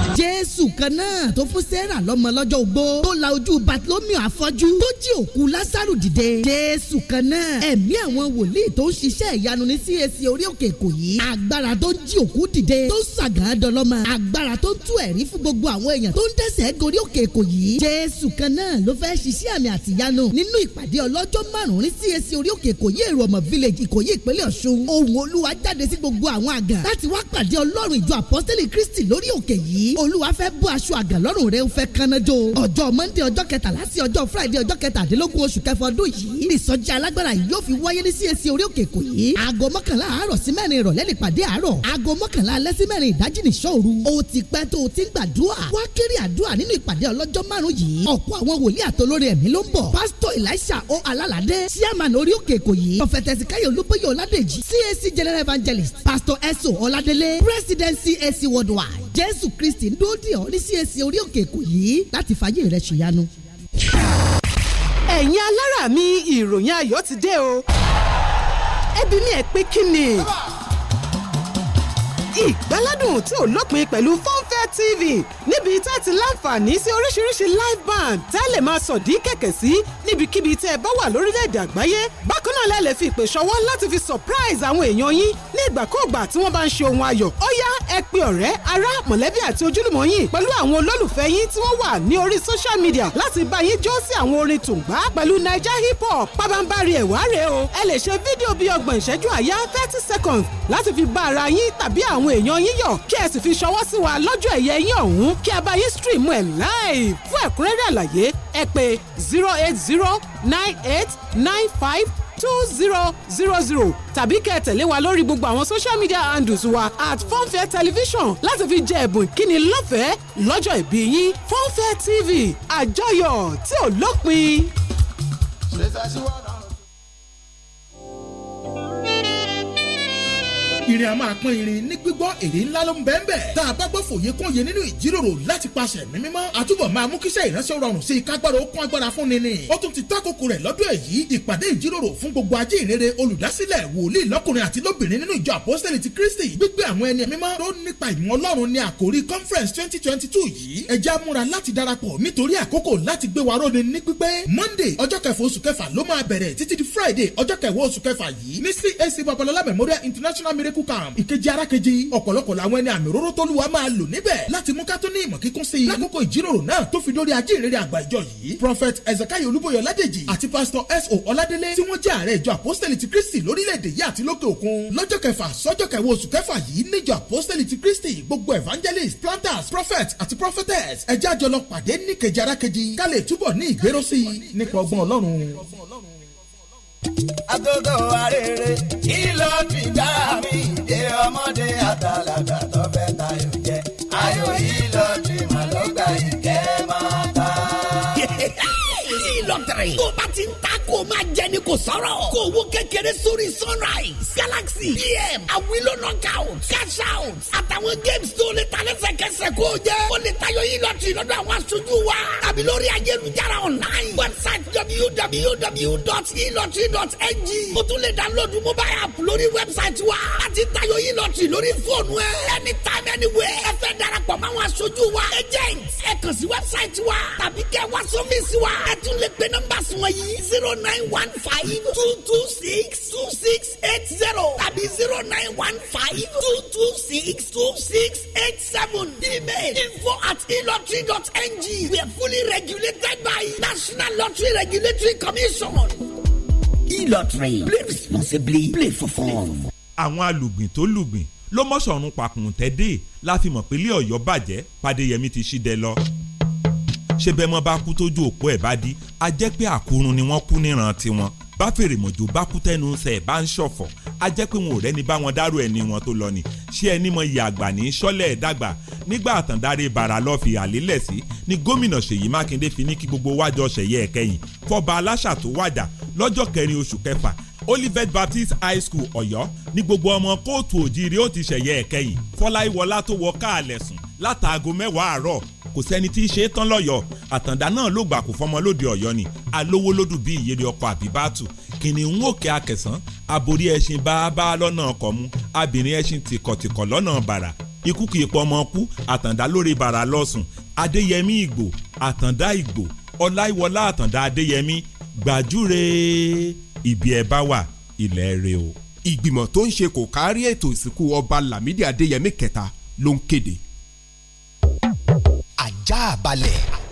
jésù kan náà tó fún sarah lọ́mọ lọ́jọ́ ogbó tó la ojú bartolomeo afọ́jú tó jí òkú lásàrò dìde jésù kan náà ẹ̀mí àwọn wòlíì tó ń ṣiṣẹ́ ìyanu ní CAC orí òkè èkó yìí agbára tó ń jí òkú dìde tó ń sàgán dọlọ́mọ agbára tó ń tú ẹ̀rí fún gbogbo àwọn èèyàn tó ń tẹ̀sẹ̀ gorí òkè èkó yìí jésù kan náà ló fẹ́ ṣiṣẹ́ àmì àtìyanu nínú ìpàdé ọlọ́jọ́ márùn-ún ní CAC orí òkè ìkòyí èrò ọmọ village ìkòyí ìpínlẹ̀ ọ̀ṣun ohùn olúwa jáde sí gbogbo àwọn àgàn láti wá pàdé ọlọ́run ìjọ àpọ́sítélì kristi lórí òkè yìí olúwa fẹ́ bú aṣọ àgàn lọ́rùn rẹ o fẹ́ kánájó ọjọ́ mọ́ndé ọjọ́ kẹtàlá sí ọjọ́ friday ọjọ́ kẹtàdínlógún oṣù kẹfọ ọdún yìí ìsọjí alágbára yìí yóò fi wáyé ní CAC orí òkè èkó yìí aago mọ́kànlá àárọ̀ sí mẹ́rin ìrọ̀lẹ́ nípàdé àárọ̀ aago mọ́kànlá alẹ́ sí mẹ́rin ìdájí nìṣọ́ òru o ti pẹ́ tó o ti ń gbàdúrà wá kéré àdúrà nínú ìpàdé ọlọ́jọ́ márùn yìí ọ̀pọ̀ àwọn wòlíì àtolórí ẹ̀mí ló ń bọ̀ pásítọ̀ elisha o alalade chairman orí òkè èkó yìí ọ̀fẹ̀tẹ̀síkáyọ̀ CAC general evangelist pásítọ̀ ẹ̀sọ́ ọ̀ládélé president CAC worldwide jésù kristi ń dì ọ́ ní CAC orí òkè èkó yìí láti fàyè rẹ̀ ṣìyanu. ẹ̀yin alára mi ìròyìn ayọ̀ ti dé o ẹbí mi ẹ̀ pé kí ni ìgbáládùn tí ò lópin pẹ̀lú Funfair TV níbi tá a ti láǹfààní sí oríṣiríṣi live band tá a lè máa sọ̀dí kẹ̀kẹ́ sí níbikíbi tẹ́ ẹ bá wà lórílẹ̀‐èdè àgbáyé bákan náà lẹ́ẹ̀ fi ìpè ṣọwọ́ láti fi surprise àwọn èèyàn yín ní ìgbàkúùgbà tí wọ́n bá ń ṣe ohun ayọ̀ ó yá ẹ pe ọ̀rẹ́ ará mọ̀lẹ́bí àti ojúlùmọ̀ yín pẹ̀lú àwọn olólùfẹ́ yín tí wọ́n wà ní orí social media láti bá yín jó sí àwọn orin tùǹgbá pẹ̀lú naija hip hop pabambari ẹ̀wá rèé o ẹ lè ṣe fídíò thirty seconds láti fi bá àwọn èèyàn yín yọ̀ kí ẹ sì fi ṣọwọ́ sí wa lọ́jọ́ ẹ̀yẹ yín ọ̀hún kí a bá yín stream ẹ̀ live fún ẹ̀kúnrẹ́rẹ́ àlàyé ẹ pè zero eight zero nine eight nine five two zero zero zero tàbí kẹ́ ẹ tẹ̀lé wa lórí gbogbo àwọn social media handles wa at Funfair television láti fi jẹ ẹ̀bùn ìkíni lọ́fẹ̀ẹ́ lọ́jọ́ ìbí yín Funfair TV àjọyọ̀ tí ò lópin. ṣèṣàṣìwọ́n náà. irin a máa pín ní gbígbọ́ èrè ńlá ló ń bẹ́ẹ̀ bẹ́ẹ̀ tá a bá gbọ́ fòye kún yé nínú ìjíròrò láti paṣẹ ẹ̀mí mímọ́ àtúbọ̀ máa mú kíṣẹ́ ìránṣẹ́ rọrùn sí i kágbára ó kún agbára fún ni ni ó tún ti tákòkò rẹ̀ lọ́dún èyí ìpàdé ìjíròrò fún gbogbo ajé ìrere olùdásílẹ̀ wòlíì lọ́kùnrin àti lóbìnrin nínú ìjọ àpọ́sítẹ́lì ti gbígbé miracle camp ìkejì arákejì ọ̀pọ̀lọpọ̀ làwọn ẹni àmì òróró tóluwa máa lò níbẹ̀ láti mú ká tó ní ìmọ̀ kíkún sí i lákòókò ìjíròrò náà tó fi dórí ajínrere àgbà ìjọ yìí prophet ezekiel olúbọyọ ládèjì àti pastor s.o. ọládélé tí wọ́n jẹ́ ààrẹ ìjọ àpọ́sítẹ́lì ti kristi lórílẹ̀‐èdè yìí àti lókè òkun lọ́jọ́ kẹfà sọ́jọ́ kẹwọ́ oṣù kẹfà yìí níjọ àpọ́sítẹ́lì ti kristi gbogbo evangelist planters prophet àti prophetess ẹjẹ́ àjọlọ pàdé níkejì arákejì ká lè túbọ̀ ní ìgbéró sí i nípa ọgbọ́n ọlọ́run agogo arére kí ló fi dá mi dé ọmọdé àtàlàgbà tó fẹ́ tayọ. sunrise. tó bá ti ń ta kó o máa jẹ ni kò sọ̀rọ̀. kó owó kékeré sórí sunrise galaxy pm e awilo knockout cash out àtàwọn games tó lè ta lẹ́sẹ̀kẹsẹ̀ kó o jẹ́. o lè tayọ yìí lọ́tì lọ́dọ̀ àwọn aṣojú wa tàbí lórí ayélujára online website www.elotry.ng o tún lè download mobile app lórí website wa láti tayọ yìí lọ́tì lórí fóònù ẹ anytime anywhere ẹ fẹ́ darapọ̀ mọ́ àwọn aṣojú wa agent ẹ kàn sí website wa tàbí kẹ́ wá sọ́fíìsì wa ẹ tún lè pe nọ́mbà numbers wọ̀nyí zero nine one five two two six two six eight zero tàbí zero nine one five two two six two six eight seven email info at elotry dot ng we are fully regulated by National Lottery Regulatory Commission. elotry play responsibly play for fun. àwọn alùgbìn tó lùgbìn ló mọ̀ṣọ̀rùn pàkùntẹ́dẹ́ la fi mọ̀ pé ilé ọ̀yọ́ bàjẹ́ pàdéyẹmí ti ṣí dẹ lọ ṣé bẹ́ẹ̀ mọ́ bá kú tójú òpó ẹ̀ bá dí a jẹ́ pé àkúrun ni wọ́n kú níran tiwọn bá fèrè mọ̀jò bá kú tẹ́nu sẹ̀ bá ń ṣọ̀fọ̀ a jẹ́ pé wọn ò rẹ́ni bá wọn dárò ẹni wọn tó lọ ni ṣé ẹni mọ iye àgbà ní sọ́lẹ̀ ẹ̀dàgbà nígbà àtàndáre bàrà lọ́ọ́ fi àlélẹ̀ sí ni gómìnà Ṣèyí Mákindé fi ní kí gbogbo wájọ ṣẹ̀yẹ ẹ̀kẹyìn fọba aláṣà tó wájà lọ́jọ́ kẹrin oṣù kẹfà Olivet Baptist High School Ọ̀yọ́ ní gbogbo ọmọ kóòtù òjìrì ó ti ṣẹ̀yẹ ẹ̀kẹyìn Fọláìwọlá tó wọ káàlẹ̀ sùn látàago mẹ́wàá àárọ̀ kò sẹ́ni tí í ṣe é tán lọ́yọ̀ọ́ àtàndá náà ló gbà kó fọmọ lóde ọ̀yọ́ ni alówó lódù bí ìyèrè ọkọ̀ àbíbátù kìnìún òkè akẹ̀sán aborí ẹṣin báábá lọ́nà ọkọ̀ mu abìnrin ẹṣin tìkọ̀tìkọ̀ lọ́nà bàrà ikú kì í pọ̀ ọmọ kú àtàndá lórí bàrà lọ́sùn adéyẹmí ìgbò àtàndá ìgbò ọláìwọlá àtàndá adéyẹmí gbàjúre ibi ẹ bá wà ilẹ̀ rẹ o. ìgbìmọ̀ tó ń ṣe kò kárí ètò ìsìnkú ọba lámídì adéyẹmí kẹta ló ń kéde ajá balẹ̀.